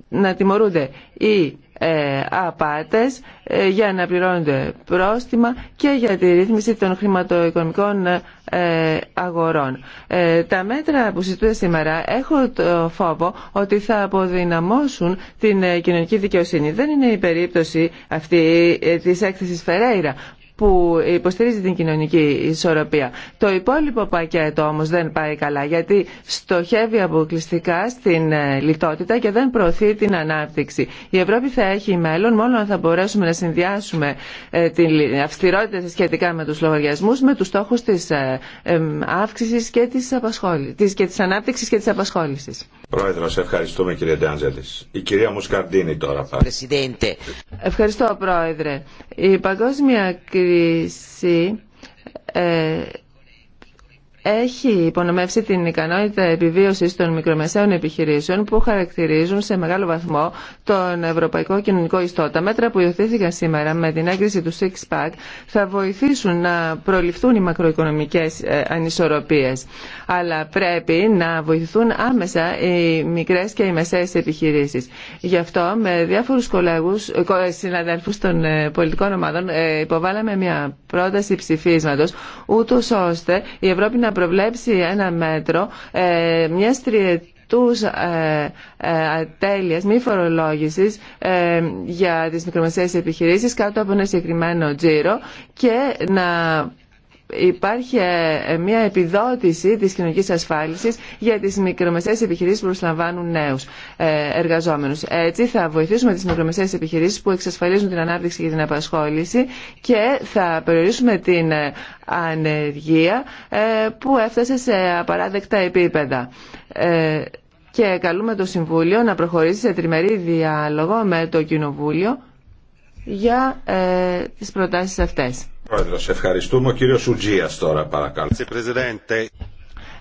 να τιμωρούνται οι ε, απάτες ε, για να πληρώνονται πρόστιμα και για τη ρύθμιση των χρηματοοικονομικών ε, αγορών. Τα μέτρα που συζητούνται σήμερα έχω το φόβο ότι θα αποδυναμώσουν την κοινωνική δικαιοσύνη. Δεν είναι η περίπτωση αυτή της έκθεσης Φερέιρα που υποστηρίζει την κοινωνική ισορροπία. Το υπόλοιπο πακέτο όμως δεν πάει καλά γιατί στοχεύει αποκλειστικά στην ε, λιτότητα και δεν προωθεί την ανάπτυξη. Η Ευρώπη θα έχει μέλλον μόνο αν θα μπορέσουμε να συνδυάσουμε ε, την αυστηρότητα σχετικά με τους λογαριασμούς με τους στόχους της ε, αύξησης και της, απασχόλη... και της ανάπτυξης και της Προέδρο, ευχαριστούμε κύριε Ντάντζελη. Η κυρία Μουσκαρντίνη τώρα Ευχαριστώ πρόεδρε. Η παγκόσμια κρίση ε, έχει υπονομεύσει την ικανότητα επιβίωσης των μικρομεσαίων επιχειρήσεων που χαρακτηρίζουν σε μεγάλο βαθμό τον ευρωπαϊκό κοινωνικό ιστό. Τα μέτρα που υιοθήθηκαν σήμερα με την έγκριση του Six Pack θα βοηθήσουν να προληφθούν οι μακροοικονομικές ε, ανισορροπίες. Αλλά πρέπει να βοηθηθούν άμεσα οι μικρές και οι μεσαίες επιχειρήσεις. Γι' αυτό με διάφορους κολέγους, ε, ε, συναδέλφους των πολιτικών ομάδων υποβάλαμε μια πρόταση ψηφίσματος ούτως ώστε η Ευρώπη να προβλέψει ένα μέτρο ε, μια τριετού τους ε, ε, μη φορολόγησης ε, για τις μικρομεσαίες επιχειρήσεις κάτω από ένα συγκεκριμένο τζίρο και να υπάρχει ε, ε, μια επιδότηση της κοινωνικής ασφάλισης για τις μικρομεσαίες επιχειρήσεις που προσλαμβάνουν νέους ε, εργαζόμενους. Έτσι θα βοηθήσουμε τις μικρομεσαίες επιχειρήσεις που εξασφαλίζουν την ανάπτυξη και την απασχόληση και θα περιορίσουμε την ανεργία που έφτασε σε απαράδεκτα επίπεδα και καλούμε το Συμβούλιο να προχωρήσει σε τριμερή διάλογο με το Κοινοβούλιο για τις προτάσεις αυτές ευχαριστούμε. Ο τώρα παρακαλώ.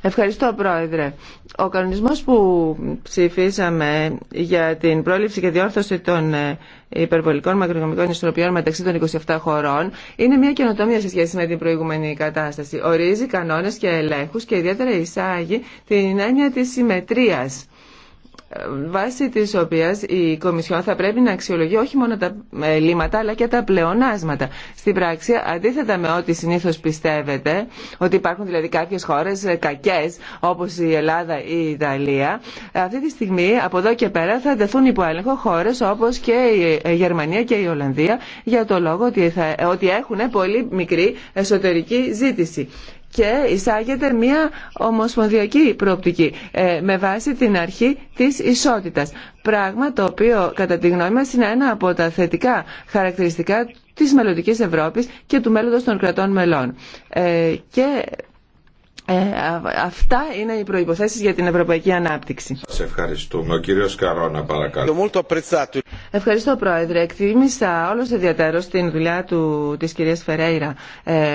Ευχαριστώ Πρόεδρε. Ο κανονισμός που ψηφίσαμε για την πρόληψη και διόρθωση των ε, υπερβολικών μακροοικονομικών ισορροπιών μεταξύ των 27 χωρών είναι μια καινοτομία σε σχέση με την προηγούμενη κατάσταση. Ορίζει κανόνες και ελέγχους και ιδιαίτερα εισάγει την έννοια της συμμετρίας βάσει της οποίας η Κομισιόν θα πρέπει να αξιολογεί όχι μόνο τα ε, λύματα αλλά και τα πλεονάσματα. Στην πράξη, αντίθετα με ό,τι συνήθως πιστεύετε, ότι υπάρχουν δηλαδή κάποιες χώρες ε, κακές όπως η Ελλάδα ή η Ιταλία, αυτή τη στιγμή από εδώ και πέρα θα τεθούν υπό έλεγχο χώρες όπως και η ε, Γερμανία και η Ολλανδία για το λόγο ότι έχουν πολύ μικρή εσωτερική ζήτηση και εισάγεται μια ομοσπονδιακή προοπτική ε, με βάση την αρχή της ισότητας. Πράγμα το οποίο κατά τη γνώμη μας είναι ένα από τα θετικά χαρακτηριστικά της μελλοντική Ευρώπης και του μέλλοντος των κρατών μελών. Ε, και ε, αυτά είναι οι προϋποθέσεις για την ευρωπαϊκή ανάπτυξη. Καρόνα παρακαλώ. Ευχαριστώ, Πρόεδρε. Εκτίμησα όλο ιδιαίτερο την δουλειά του, της κυρίας Φερέιρα ε,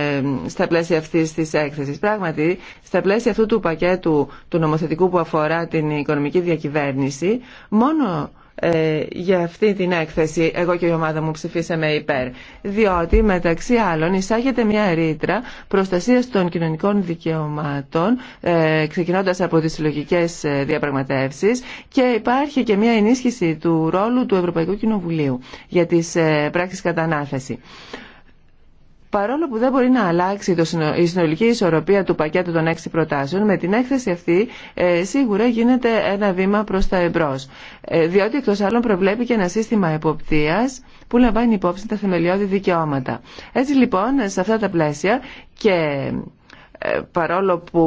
στα πλαίσια αυτής της έκθεσης. Πράγματι, στα πλαίσια αυτού του πακέτου του νομοθετικού που αφορά την οικονομική διακυβέρνηση, μόνο ε, για αυτή την έκθεση εγώ και η ομάδα μου ψηφίσαμε υπέρ. Διότι μεταξύ άλλων εισάγεται μια ρήτρα προστασίας των κοινωνικών δικαιωμάτων ε, ξεκινώντας από τις συλλογικέ ε, διαπραγματεύσεις και υπάρχει και μια ενίσχυση του ρόλου του Ευρωπαϊκού Κοινοβουλίου για τις ε, πράξεις κατανάθεση. Παρόλο που δεν μπορεί να αλλάξει η συνολική ισορροπία του πακέτου των έξι προτάσεων, με την έκθεση αυτή ε, σίγουρα γίνεται ένα βήμα προς τα εμπρός. Ε, διότι εκτός άλλων προβλέπει και ένα σύστημα εποπτείας που λαμβάνει υπόψη τα θεμελιώδη δικαιώματα. Έτσι λοιπόν σε αυτά τα πλαίσια και ε, παρόλο που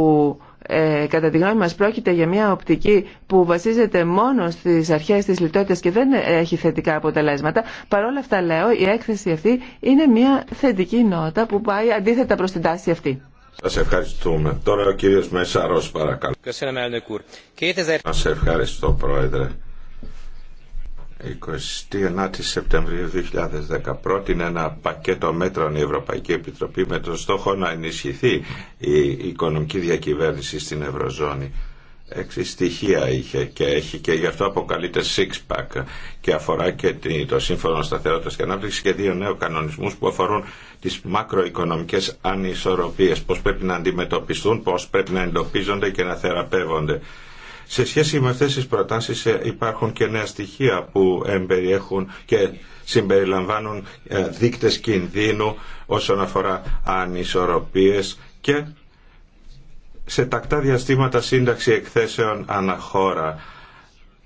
ε, κατά τη γνώμη μας πρόκειται για μια οπτική που βασίζεται μόνο στις αρχές της λιτότητας και δεν έχει θετικά αποτελέσματα, παρόλα αυτά λέω η έκθεση αυτή είναι μια θετική νότα που πάει αντίθετα προς την τάση αυτή. Σας ευχαριστούμε. Τώρα ο κύριος Μεσαρός παρακαλώ. Σας ευχαριστώ πρόεδρε. 29 Σεπτεμβρίου 2010 πρότεινε ένα πακέτο μέτρων η Ευρωπαϊκή Επιτροπή με τον στόχο να ενισχυθεί η οικονομική διακυβέρνηση στην Ευρωζώνη. Έξι στοιχεία είχε και έχει και γι' αυτό αποκαλείται six pack και αφορά και το σύμφωνο σταθερότητας και ανάπτυξης και δύο νέου κανονισμούς που αφορούν τις μακροοικονομικές ανισορροπίες, πώς πρέπει να αντιμετωπιστούν, πώς πρέπει να εντοπίζονται και να θεραπεύονται. Σε σχέση με αυτές τις προτάσεις ε, υπάρχουν και νέα στοιχεία που εμπεριέχουν και συμπεριλαμβάνουν ε, δείκτες κινδύνου όσον αφορά ανισορροπίες και σε τακτά διαστήματα σύνταξη εκθέσεων αναχώρα.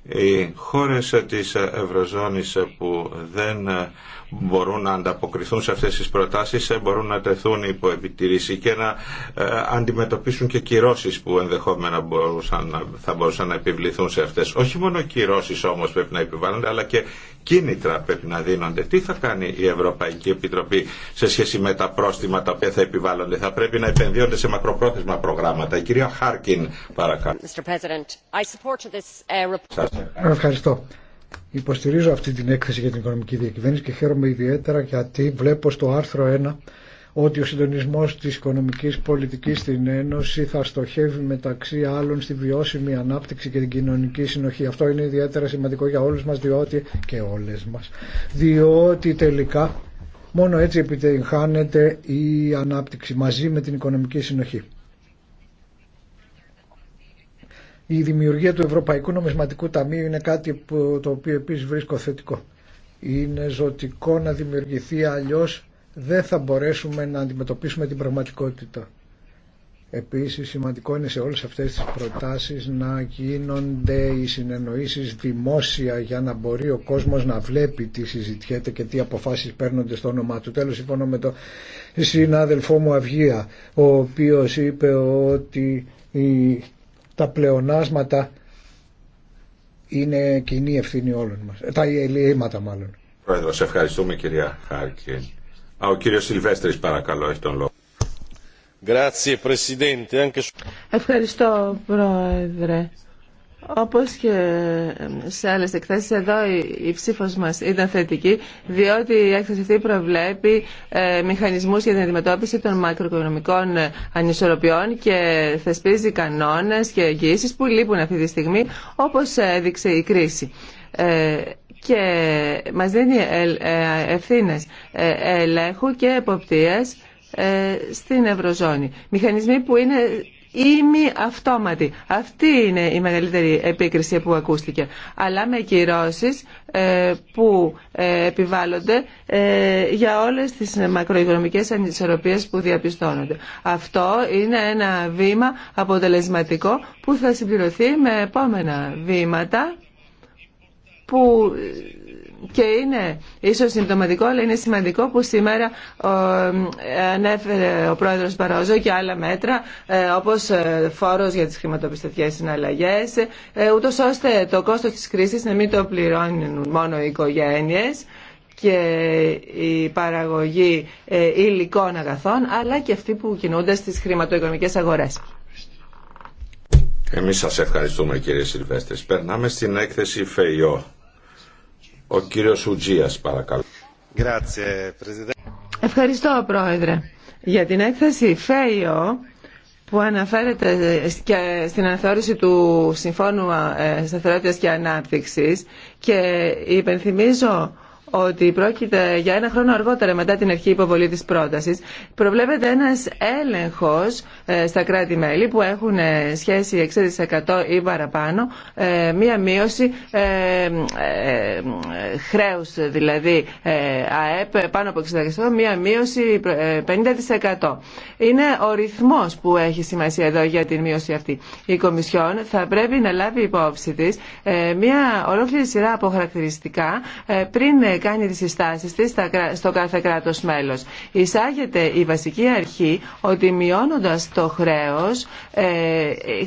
Οι χώρες της Ευρωζώνης που δεν ε, μπορούν να ανταποκριθούν σε αυτές τις προτάσεις ε, μπορούν να τεθούν υπό επιτήρηση και να ε, αντιμετωπίσουν και κυρώσεις που ενδεχόμενα μπορούσαν, θα μπορούσαν να επιβληθούν σε αυτές. Όχι μόνο κυρώσεις όμως πρέπει να επιβάλλονται αλλά και κίνητρα πρέπει να δίνονται. Τι θα κάνει η Ευρωπαϊκή Επιτροπή σε σχέση με τα πρόστιμα τα οποία θα επιβάλλονται. Θα πρέπει να επενδύονται σε μακροπρόθεσμα προγράμματα. Η κυρία Χάρκιν παρακαλώ. Ε, ευχαριστώ. Υποστηρίζω αυτή την έκθεση για την οικονομική διακυβέρνηση και χαίρομαι ιδιαίτερα γιατί βλέπω στο άρθρο 1 ότι ο συντονισμός της οικονομικής πολιτικής στην Ένωση θα στοχεύει μεταξύ άλλων στη βιώσιμη ανάπτυξη και την κοινωνική συνοχή. Αυτό είναι ιδιαίτερα σημαντικό για όλους μας διότι, και όλες μας, διότι τελικά μόνο έτσι επιτυγχάνεται η ανάπτυξη μαζί με την οικονομική συνοχή. Η δημιουργία του Ευρωπαϊκού Νομισματικού Ταμείου είναι κάτι που, το οποίο επίσης βρίσκω θετικό. Είναι ζωτικό να δημιουργηθεί αλλιώς δεν θα μπορέσουμε να αντιμετωπίσουμε την πραγματικότητα. Επίσης σημαντικό είναι σε όλες αυτές τις προτάσεις να γίνονται οι συνεννοήσεις δημόσια για να μπορεί ο κόσμος να βλέπει τι συζητιέται και τι αποφάσεις παίρνονται στο όνομά του. Τέλος συμφωνώ με τον συνάδελφό μου Αυγία ο οποίο είπε ότι η τα πλεονάσματα είναι κοινή ευθύνη όλων μας. Ε, τα ελλείμματα μάλλον. Πρόεδρο, σε ευχαριστούμε κυρία Χάρκιν. Α, ο κύριος Σιλβέστρης παρακαλώ έχει τον λόγο. Ευχαριστώ πρόεδρε. Όπως και σε άλλες εκθέσεις, εδώ η ψήφος μας ήταν θετική, διότι η έκθεση αυτή προβλέπει ε, μηχανισμούς για την αντιμετώπιση των μακροοικονομικών ε, ανισορροπιών και θεσπίζει κανόνες και εγγυήσεις που λείπουν αυτή τη στιγμή, όπως έδειξε η κρίση ε, και μας δίνει ευθύνε ελέγχου και εποπτείας στην Ευρωζώνη. Μηχανισμοί που είναι ήμι αυτόματη. Αυτή είναι η μεγαλύτερη επίκριση που ακούστηκε. Αλλά με κυρώσει ε, που ε, επιβάλλονται ε, για όλες τις μακροοικονομικές ανισορροπίες που διαπιστώνονται. Αυτό είναι ένα βήμα αποτελεσματικό που θα συμπληρωθεί με επόμενα βήματα που και είναι ίσως συμπτωματικό, αλλά είναι σημαντικό που σήμερα ανέφερε ο πρόεδρος Παρόζο και άλλα μέτρα, ε, όπως ε, φόρος για τις χρηματοπιστωτικές συναλλαγές, ε, ούτως ώστε το κόστος της κρίσης να μην το πληρώνουν μόνο οι οικογένειες και η παραγωγή υλικών αγαθών, αλλά και αυτοί που κινούνται στις χρηματοοικονομικές αγορές. Εμείς σας ευχαριστούμε κύριε Σιλβέστες. Περνάμε στην έκθεση ΦΕΙΟ. Ο κύριος Ουτζίας παρακαλώ. Ευχαριστώ πρόεδρε για την έκθεση ΦΕΙΟ που αναφέρεται και στην αναθεώρηση του Συμφώνου ε, Σταθερότητας και Ανάπτυξης και υπενθυμίζω ότι πρόκειται για ένα χρόνο αργότερα μετά την αρχή υποβολή της πρότασης. Προβλέπεται ένας έλεγχος ε, στα κράτη-μέλη που έχουν ε, σχέση 60% ή παραπάνω, ε, μία μείωση χρέους δηλαδή ΑΕΠ πάνω από 60%, μία μείωση 50%. Είναι ο ρυθμός που έχει σημασία εδώ για την μείωση αυτή. Η Κομισιόν θα πρέπει να λάβει υπόψη της μία ολόκληρη σειρά από χαρακτηριστικά πριν κάνει τις συστάσεις της στο κάθε κράτος μέλος. Εισάγεται η βασική αρχή ότι μειώνοντας το χρέος ε,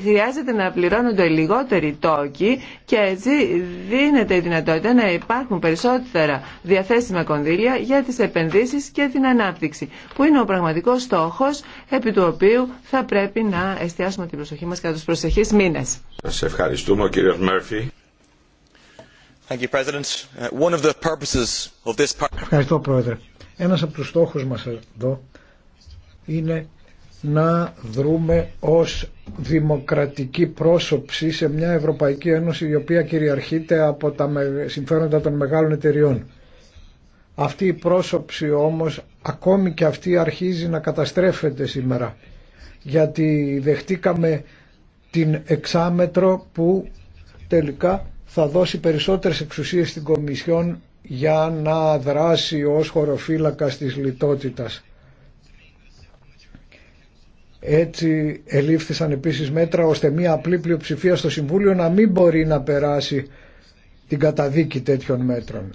χρειάζεται να πληρώνονται λιγότεροι τόκοι και έτσι δίνεται η δυνατότητα να υπάρχουν περισσότερα διαθέσιμα κονδύλια για τις επενδύσεις και την ανάπτυξη που είναι ο πραγματικός στόχος επί του οποίου θα πρέπει να εστιάσουμε την προσοχή μας κατά τους προσεχείς μήνες. Σας ευχαριστούμε κύριε Μέρφυ. Ευχαριστώ Πρόεδρε. Ένας από τους στόχους μας εδώ είναι να δρούμε ως δημοκρατική πρόσωψη σε μια Ευρωπαϊκή Ένωση η οποία κυριαρχείται από τα συμφέροντα των μεγάλων εταιριών. Αυτή η πρόσωψη όμως ακόμη και αυτή αρχίζει να καταστρέφεται σήμερα γιατί δεχτήκαμε την εξάμετρο που τελικά θα δώσει περισσότερες εξουσίες στην Κομισιόν για να δράσει ως χωροφύλακας της λιτότητας. Έτσι ελήφθησαν επίσης μέτρα ώστε μία απλή πλειοψηφία στο Συμβούλιο να μην μπορεί να περάσει την καταδίκη τέτοιων μέτρων.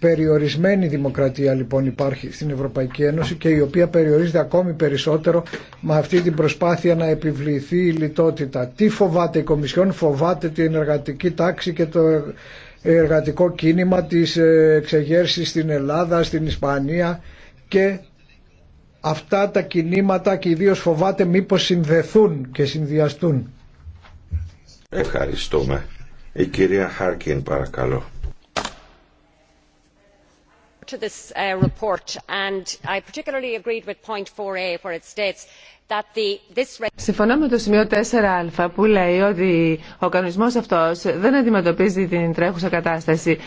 Περιορισμένη δημοκρατία λοιπόν υπάρχει στην Ευρωπαϊκή Ένωση και η οποία περιορίζεται ακόμη περισσότερο με αυτή την προσπάθεια να επιβληθεί η λιτότητα. Τι φοβάται η Κομισιόν, φοβάται την εργατική τάξη και το εργατικό κίνημα της ε, εξεγέρσης στην Ελλάδα, στην Ισπανία και αυτά τα κινήματα και ιδίως φοβάται μήπως συνδεθούν και συνδυαστούν. Ευχαριστούμε. Η κυρία Χάρκιν παρακαλώ. Συμφωνώ με το σημείο 4α που λέει ότι ο κανονισμός αυτός δεν αντιμετωπίζει την τρέχουσα κατάσταση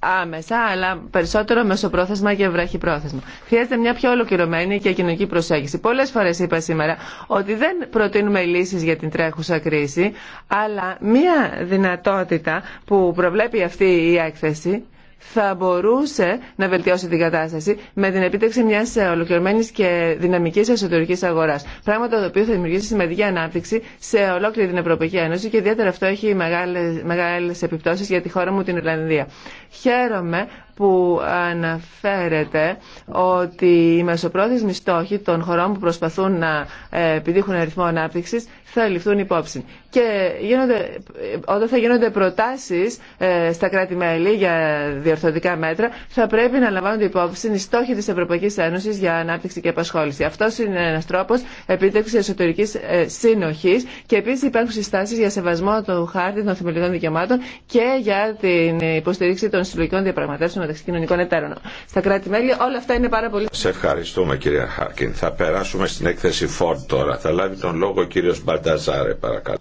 άμεσα, αλλά περισσότερο μεσοπρόθεσμα και βραχυπρόθεσμα. Χρειάζεται μια πιο ολοκληρωμένη και κοινωνική προσέγγιση. Πολλέ φορέ είπα σήμερα ότι δεν προτείνουμε λύσει για την τρέχουσα κρίση, αλλά μια δυνατότητα που προβλέπει αυτή η έκθεση θα μπορούσε να βελτιώσει την κατάσταση με την επίτευξη μια ολοκληρωμένη και δυναμική εσωτερική αγορά. Πράγμα το οποίο θα δημιουργήσει σημαντική ανάπτυξη σε ολόκληρη την Ευρωπαϊκή Ένωση και ιδιαίτερα αυτό έχει μεγάλε επιπτώσει για τη χώρα μου, την Ιρλανδία. Χαίρομαι που αναφέρεται ότι οι μεσοπρόθεσμοι στόχοι των χωρών που προσπαθούν να ε, επιτύχουν αριθμό ανάπτυξης θα ληφθούν υπόψη. Και γίνονται, όταν θα γίνονται προτάσεις ε, στα κράτη-μέλη για διορθωτικά μέτρα, θα πρέπει να λαμβάνονται υπόψη οι στόχοι της Ευρωπαϊκής Ένωσης για ανάπτυξη και απασχόληση. Αυτό είναι ένας τρόπος επίτευξης εσωτερικής ε, σύνοχης και επίσης υπάρχουν συστάσεις για σεβασμό του χάρτη των θεμελιωδών δικαιωμάτων και για την υποστηρίξη των συλλογικών διαπραγματεύσεων μεταξύ κοινωνικών εταίρων στα κράτη-μέλη. Όλα αυτά είναι πάρα πολύ. Σε ευχαριστούμε κυρία Χάρκιν. Θα περάσουμε στην έκθεση Ford τώρα. Θα λάβει τον λόγο ο κύριο Μπαλταζάρε, παρακαλώ.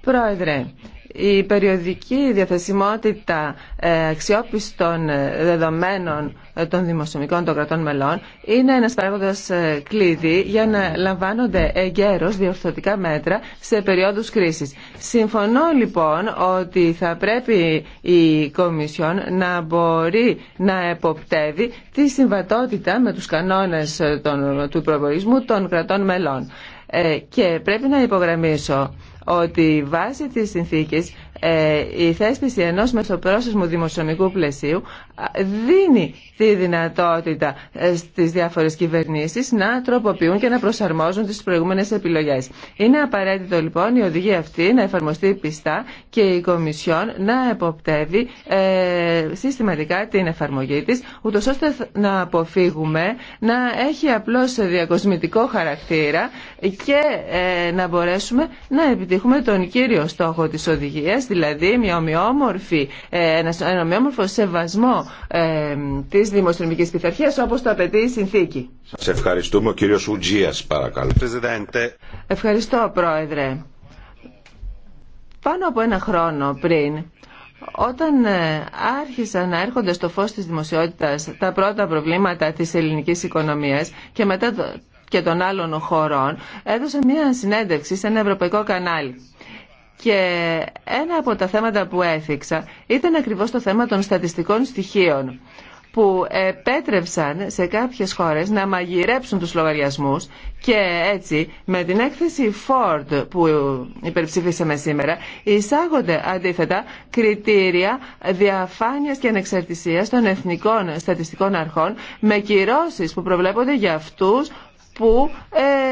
Πρόεδρε, η περιοδική διαθεσιμότητα ε, αξιόπιστων ε, δεδομένων ε, των δημοσιομικών των κρατών μελών είναι ένας παράγοντας κλειδί για να λαμβάνονται εγκαίρως διορθωτικά μέτρα σε περίοδους κρίσης. Συμφωνώ λοιπόν ότι θα πρέπει η Κομισιόν να μπορεί να εποπτεύει τη συμβατότητα με τους κανόνες του προβολισμού των κρατών μελών. Και πρέπει να υπογραμμίσω ότι βάσει της συνθήκης ε, η θέσπιση ενός μεσοπρόσωσμου δημοσιονομικού πλαισίου δίνει τη δυνατότητα ε, στις διάφορες κυβερνήσεις να τροποποιούν και να προσαρμόζουν τις προηγούμενες επιλογές. Είναι απαραίτητο λοιπόν η οδηγία αυτή να εφαρμοστεί πιστά και η Κομισιόν να εποπτεύει ε, συστηματικά την εφαρμογή της, ούτως ώστε να αποφύγουμε να έχει απλώς διακοσμητικό χαρακτήρα και να μπορέσουμε να επιτύχουμε τον κύριο στόχο της οδηγίας δηλαδή μια ομοιόμορφη, ε, ένα ομοιόμορφο σεβασμό ε, της δημοσιονομικής πειθαρχίας όπως το απαιτεί η συνθήκη. Σας ευχαριστούμε. Ο κύριος Ουτζίας παρακαλώ. Ευχαριστώ Πρόεδρε. Πάνω από ένα χρόνο πριν όταν ε, άρχισαν να έρχονται στο φως της δημοσιότητας τα πρώτα προβλήματα της ελληνικής οικονομίας και μετά και των άλλων χωρών, έδωσε μια συνέντευξη σε ένα ευρωπαϊκό κανάλι. Και ένα από τα θέματα που έθιξα ήταν ακριβώς το θέμα των στατιστικών στοιχείων που επέτρεψαν σε κάποιες χώρες να μαγειρέψουν τους λογαριασμούς και έτσι με την έκθεση Ford που υπερψηφίσαμε σήμερα εισάγονται αντίθετα κριτήρια διαφάνειας και ανεξαρτησίας των εθνικών στατιστικών αρχών με κυρώσεις που προβλέπονται για αυτούς που ε,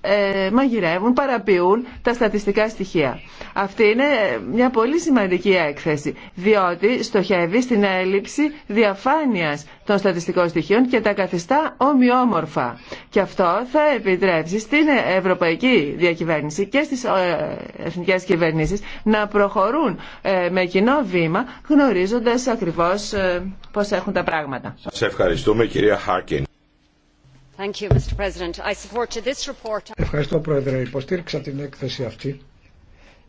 ε, μαγειρεύουν, παραποιούν τα στατιστικά στοιχεία. Αυτή είναι μια πολύ σημαντική έκθεση, διότι στοχεύει στην έλλειψη διαφάνειας των στατιστικών στοιχείων και τα καθιστά ομοιόμορφα. Και αυτό θα επιτρέψει στην ευρωπαϊκή διακυβέρνηση και στις ε, εθνικές κυβερνήσεις να προχωρούν ε, με κοινό βήμα, γνωρίζοντας ακριβώς πώς έχουν τα πράγματα. Σας ευχαριστούμε κυρία Χάκιν. Ευχαριστώ Πρόεδρε. Υποστήριξα την έκθεση αυτή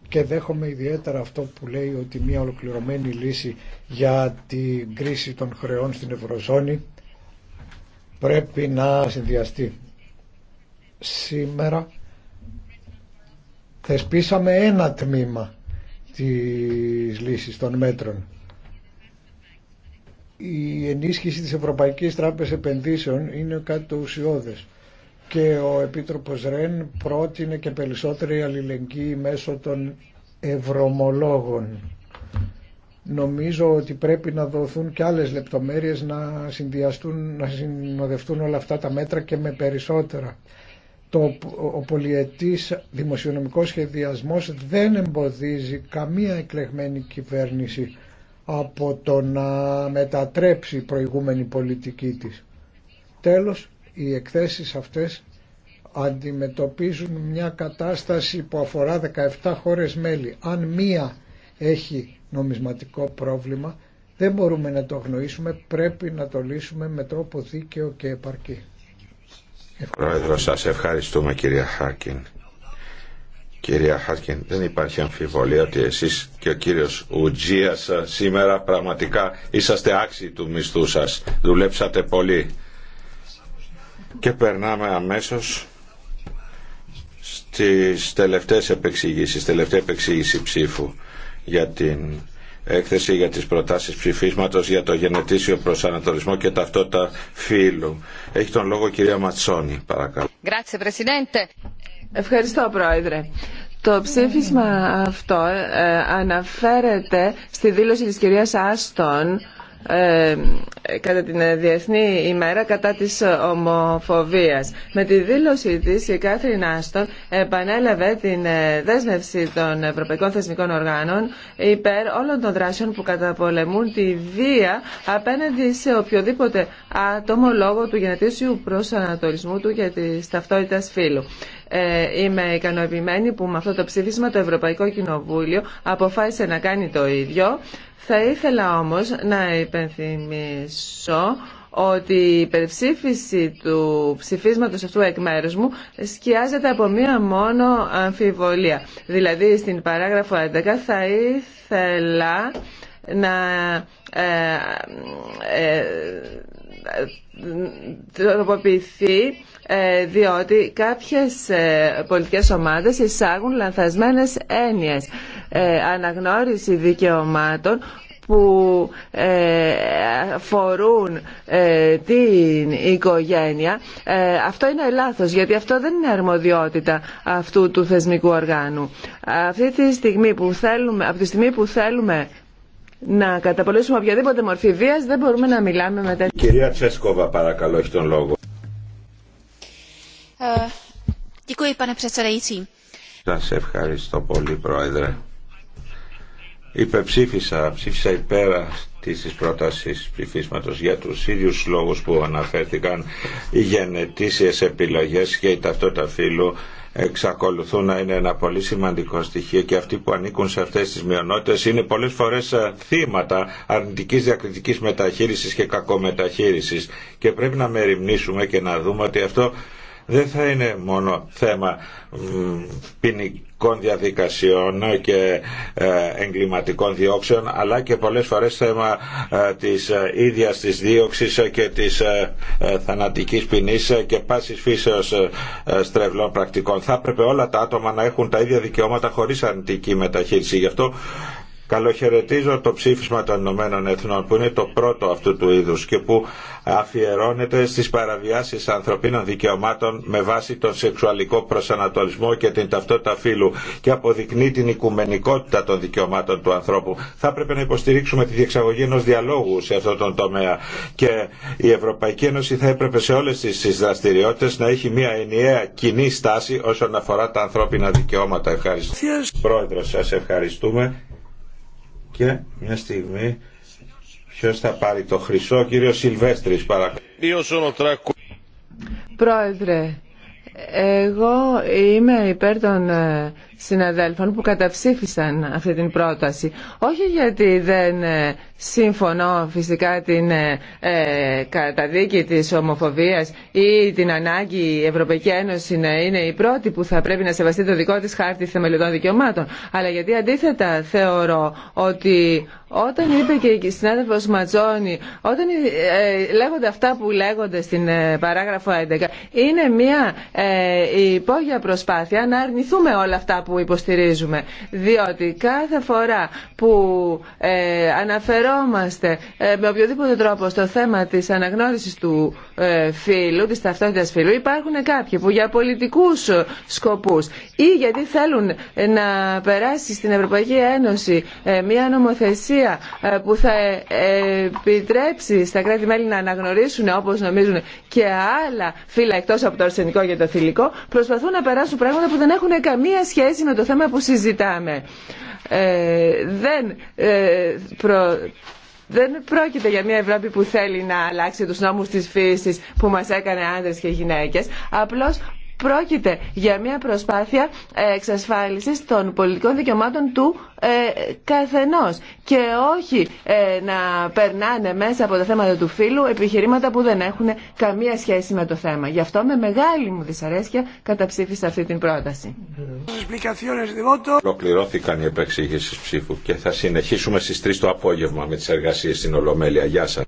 και δέχομαι ιδιαίτερα αυτό που λέει ότι μια ολοκληρωμένη λύση για την κρίση των χρεών στην Ευρωζώνη πρέπει να συνδυαστεί. Σήμερα θεσπίσαμε ένα τμήμα της λύσης των μέτρων η ενίσχυση της Ευρωπαϊκής Τράπεζας Επενδύσεων είναι κάτι το ουσιώδες και ο Επίτροπος Ρεν πρότεινε και περισσότερη αλληλεγγύη μέσω των ευρωμολόγων. Νομίζω ότι πρέπει να δοθούν και άλλες λεπτομέρειες να συνδυαστούν, να συνοδευτούν όλα αυτά τα μέτρα και με περισσότερα. Το, ο πολιετής δημοσιονομικός σχεδιασμός δεν εμποδίζει καμία εκλεγμένη κυβέρνηση από το να μετατρέψει η προηγούμενη πολιτική της. Τέλος, οι εκθέσεις αυτές αντιμετωπίζουν μια κατάσταση που αφορά 17 χώρες μέλη. Αν μία έχει νομισματικό πρόβλημα, δεν μπορούμε να το γνωρίσουμε, πρέπει να το λύσουμε με τρόπο δίκαιο και επαρκή. Ευχαριστώ. Πρόεδρο, σας ευχαριστούμε κυρία Χάκιν. Κυρία Χάρκιν, δεν υπάρχει αμφιβολία ότι εσείς και ο κύριος Ουτζίας σήμερα πραγματικά είσαστε άξιοι του μισθού σας. Δουλέψατε πολύ. Και περνάμε αμέσως στις τελευταίες επεξηγήσεις, τελευταία επεξήγηση ψήφου για την έκθεση για τις προτάσεις ψηφίσματος για το γενετήσιο προσανατολισμό και ταυτότητα φύλου. Έχει τον λόγο κυρία Ματσόνη, παρακαλώ. Ευχαριστώ, Πρόεδρε. Το ψήφισμα αυτό ε, αναφέρεται στη δήλωση της κυρίας Άστον ε, κατά την ε, Διεθνή ημέρα κατά της ομοφοβίας. Με τη δήλωσή της η Κάθριν Άστον επανέλαβε την δέσμευση των Ευρωπαϊκών Θεσμικών Οργάνων υπέρ όλων των δράσεων που καταπολεμούν τη βία απέναντι σε οποιοδήποτε άτομο λόγω του γενετήσιου προσανατολισμού του και της ταυτότητας φύλου. Ε, είμαι ικανοποιημένη που με αυτό το ψήφισμα το Ευρωπαϊκό Κοινοβούλιο αποφάσισε να κάνει το ίδιο. Θα ήθελα όμως να υπενθυμίσω ότι η υπερψήφιση του ψηφίσματος αυτού εκ μέρους μου σκιάζεται από μία μόνο αμφιβολία. Δηλαδή στην παράγραφο 11 θα ήθελα να ε, ε, ε τροποποιηθεί ε, διότι κάποιες ε, πολιτικές ομάδες εισάγουν λανθασμένες έννοιες. Ε, αναγνώριση δικαιωμάτων που φορούν την οικογένεια. Αυτό είναι λάθος, γιατί αυτό δεν είναι αρμοδιότητα αυτού του θεσμικού οργάνου. Αυτή τη στιγμή που θέλουμε, από τη στιγμή που θέλουμε να καταπολύσουμε οποιαδήποτε μορφή βίας, δεν μπορούμε να μιλάμε τέτοια. Κυρία Τσέσκοβα, παρακαλώ, έχει τον λόγο. Σα ευχαριστώ πολύ, Πρόεδρε. Υπεψήφισα, ψήφισα υπέρα της της πρότασης ψηφίσματος για τους ίδιους λόγους που αναφέρθηκαν οι γενετήσιες επιλογές και η ταυτότητα φύλου εξακολουθούν να είναι ένα πολύ σημαντικό στοιχείο και αυτοί που ανήκουν σε αυτές τις μειονότητες είναι πολλές φορές ε, θύματα αρνητικής διακριτικής μεταχείρισης και κακομεταχείρισης και πρέπει να μεριμνήσουμε και να δούμε ότι αυτό δεν θα είναι μόνο θέμα ποινικών διαδικασιών και ε, εγκληματικών διώξεων αλλά και πολλές φορές θέμα ε, της ε, ίδιας της δίωξης και της θανατικής ποινής και πάσης φύσεως στρεβλών πρακτικών. Θα έπρεπε όλα τα άτομα να έχουν τα ίδια δικαιώματα χωρίς αρνητική μεταχείριση. Γι' αυτό Καλοχαιρετίζω το ψήφισμα των Ηνωμένων Εθνών που είναι το πρώτο αυτού του είδους και που αφιερώνεται στις παραβιάσεις ανθρωπίνων δικαιωμάτων με βάση τον σεξουαλικό προσανατολισμό και την ταυτότητα φύλου και αποδεικνύει την οικουμενικότητα των δικαιωμάτων του ανθρώπου. Θα έπρεπε να υποστηρίξουμε τη διεξαγωγή ενός διαλόγου σε αυτόν τον τομέα και η Ευρωπαϊκή Ένωση θα έπρεπε σε όλες τις δραστηριότητες να έχει μια ενιαία κοινή στάση όσον αφορά τα ανθρώπινα δικαιώματα. Ευχαριστώ. Πρόεδρος, σας ευχαριστούμε. Και μια στιγμή, ποιος θα πάρει το χρυσό, κύριο Σιλβέστρης παρακαλώ. Πρόεδρε, εγώ είμαι υπέρ των ε, συναδέλφων που καταψήφισαν αυτή την πρόταση. Όχι γιατί δεν ε, συμφωνώ φυσικά την ε, ε, καταδίκη της ομοφοβίας ή την ανάγκη η Ευρωπαϊκή Ένωση να είναι η πρώτη που θα πρέπει να σεβαστεί το δικό της χάρτη θεμελιωτών δικαιωμάτων, αλλά γιατί αντίθετα θεωρώ ότι όταν είπε και η συνάδελφος Ματζόνη, όταν ε, λέγονται αυτά που λέγονται στην ε, παράγραφο 11, είναι μια υπόγεια προσπάθεια να αρνηθούμε όλα αυτά που που υποστηρίζουμε. Διότι κάθε φορά που ε, αναφερόμαστε ε, με οποιοδήποτε τρόπο στο θέμα της αναγνώρισης του ε, φίλου, της ταυτότητας φίλου, υπάρχουν κάποιοι που για πολιτικούς σκοπούς ή γιατί θέλουν να περάσει στην Ευρωπαϊκή Ένωση μια νομοθεσία που θα επιτρέψει στα κράτη-μέλη να αναγνωρίσουν όπως νομίζουν και άλλα φύλλα εκτός από το αρσενικό και το θηλυκό, προσπαθούν να περάσουν πράγματα που δεν έχουν καμία σχέση με το θέμα που συζητάμε. Ε, δεν ε, Δεν πρόκειται για μια Ευρώπη που θέλει να αλλάξει τους νόμους της φύσης που μας έκανε άντρες και γυναίκες. Απλώς Πρόκειται για μια προσπάθεια εξασφάλισης των πολιτικών δικαιωμάτων του ε, καθενός και όχι ε, να περνάνε μέσα από τα θέματα του φίλου επιχειρήματα που δεν έχουν καμία σχέση με το θέμα. Γι' αυτό με μεγάλη μου δυσαρέσκεια καταψήφισα αυτή την πρόταση. Ολοκληρώθηκαν οι επεξήγησεις ψήφου και θα συνεχίσουμε στις 3 το απόγευμα με τις εργασίες στην Ολομέλεια. Γεια σας.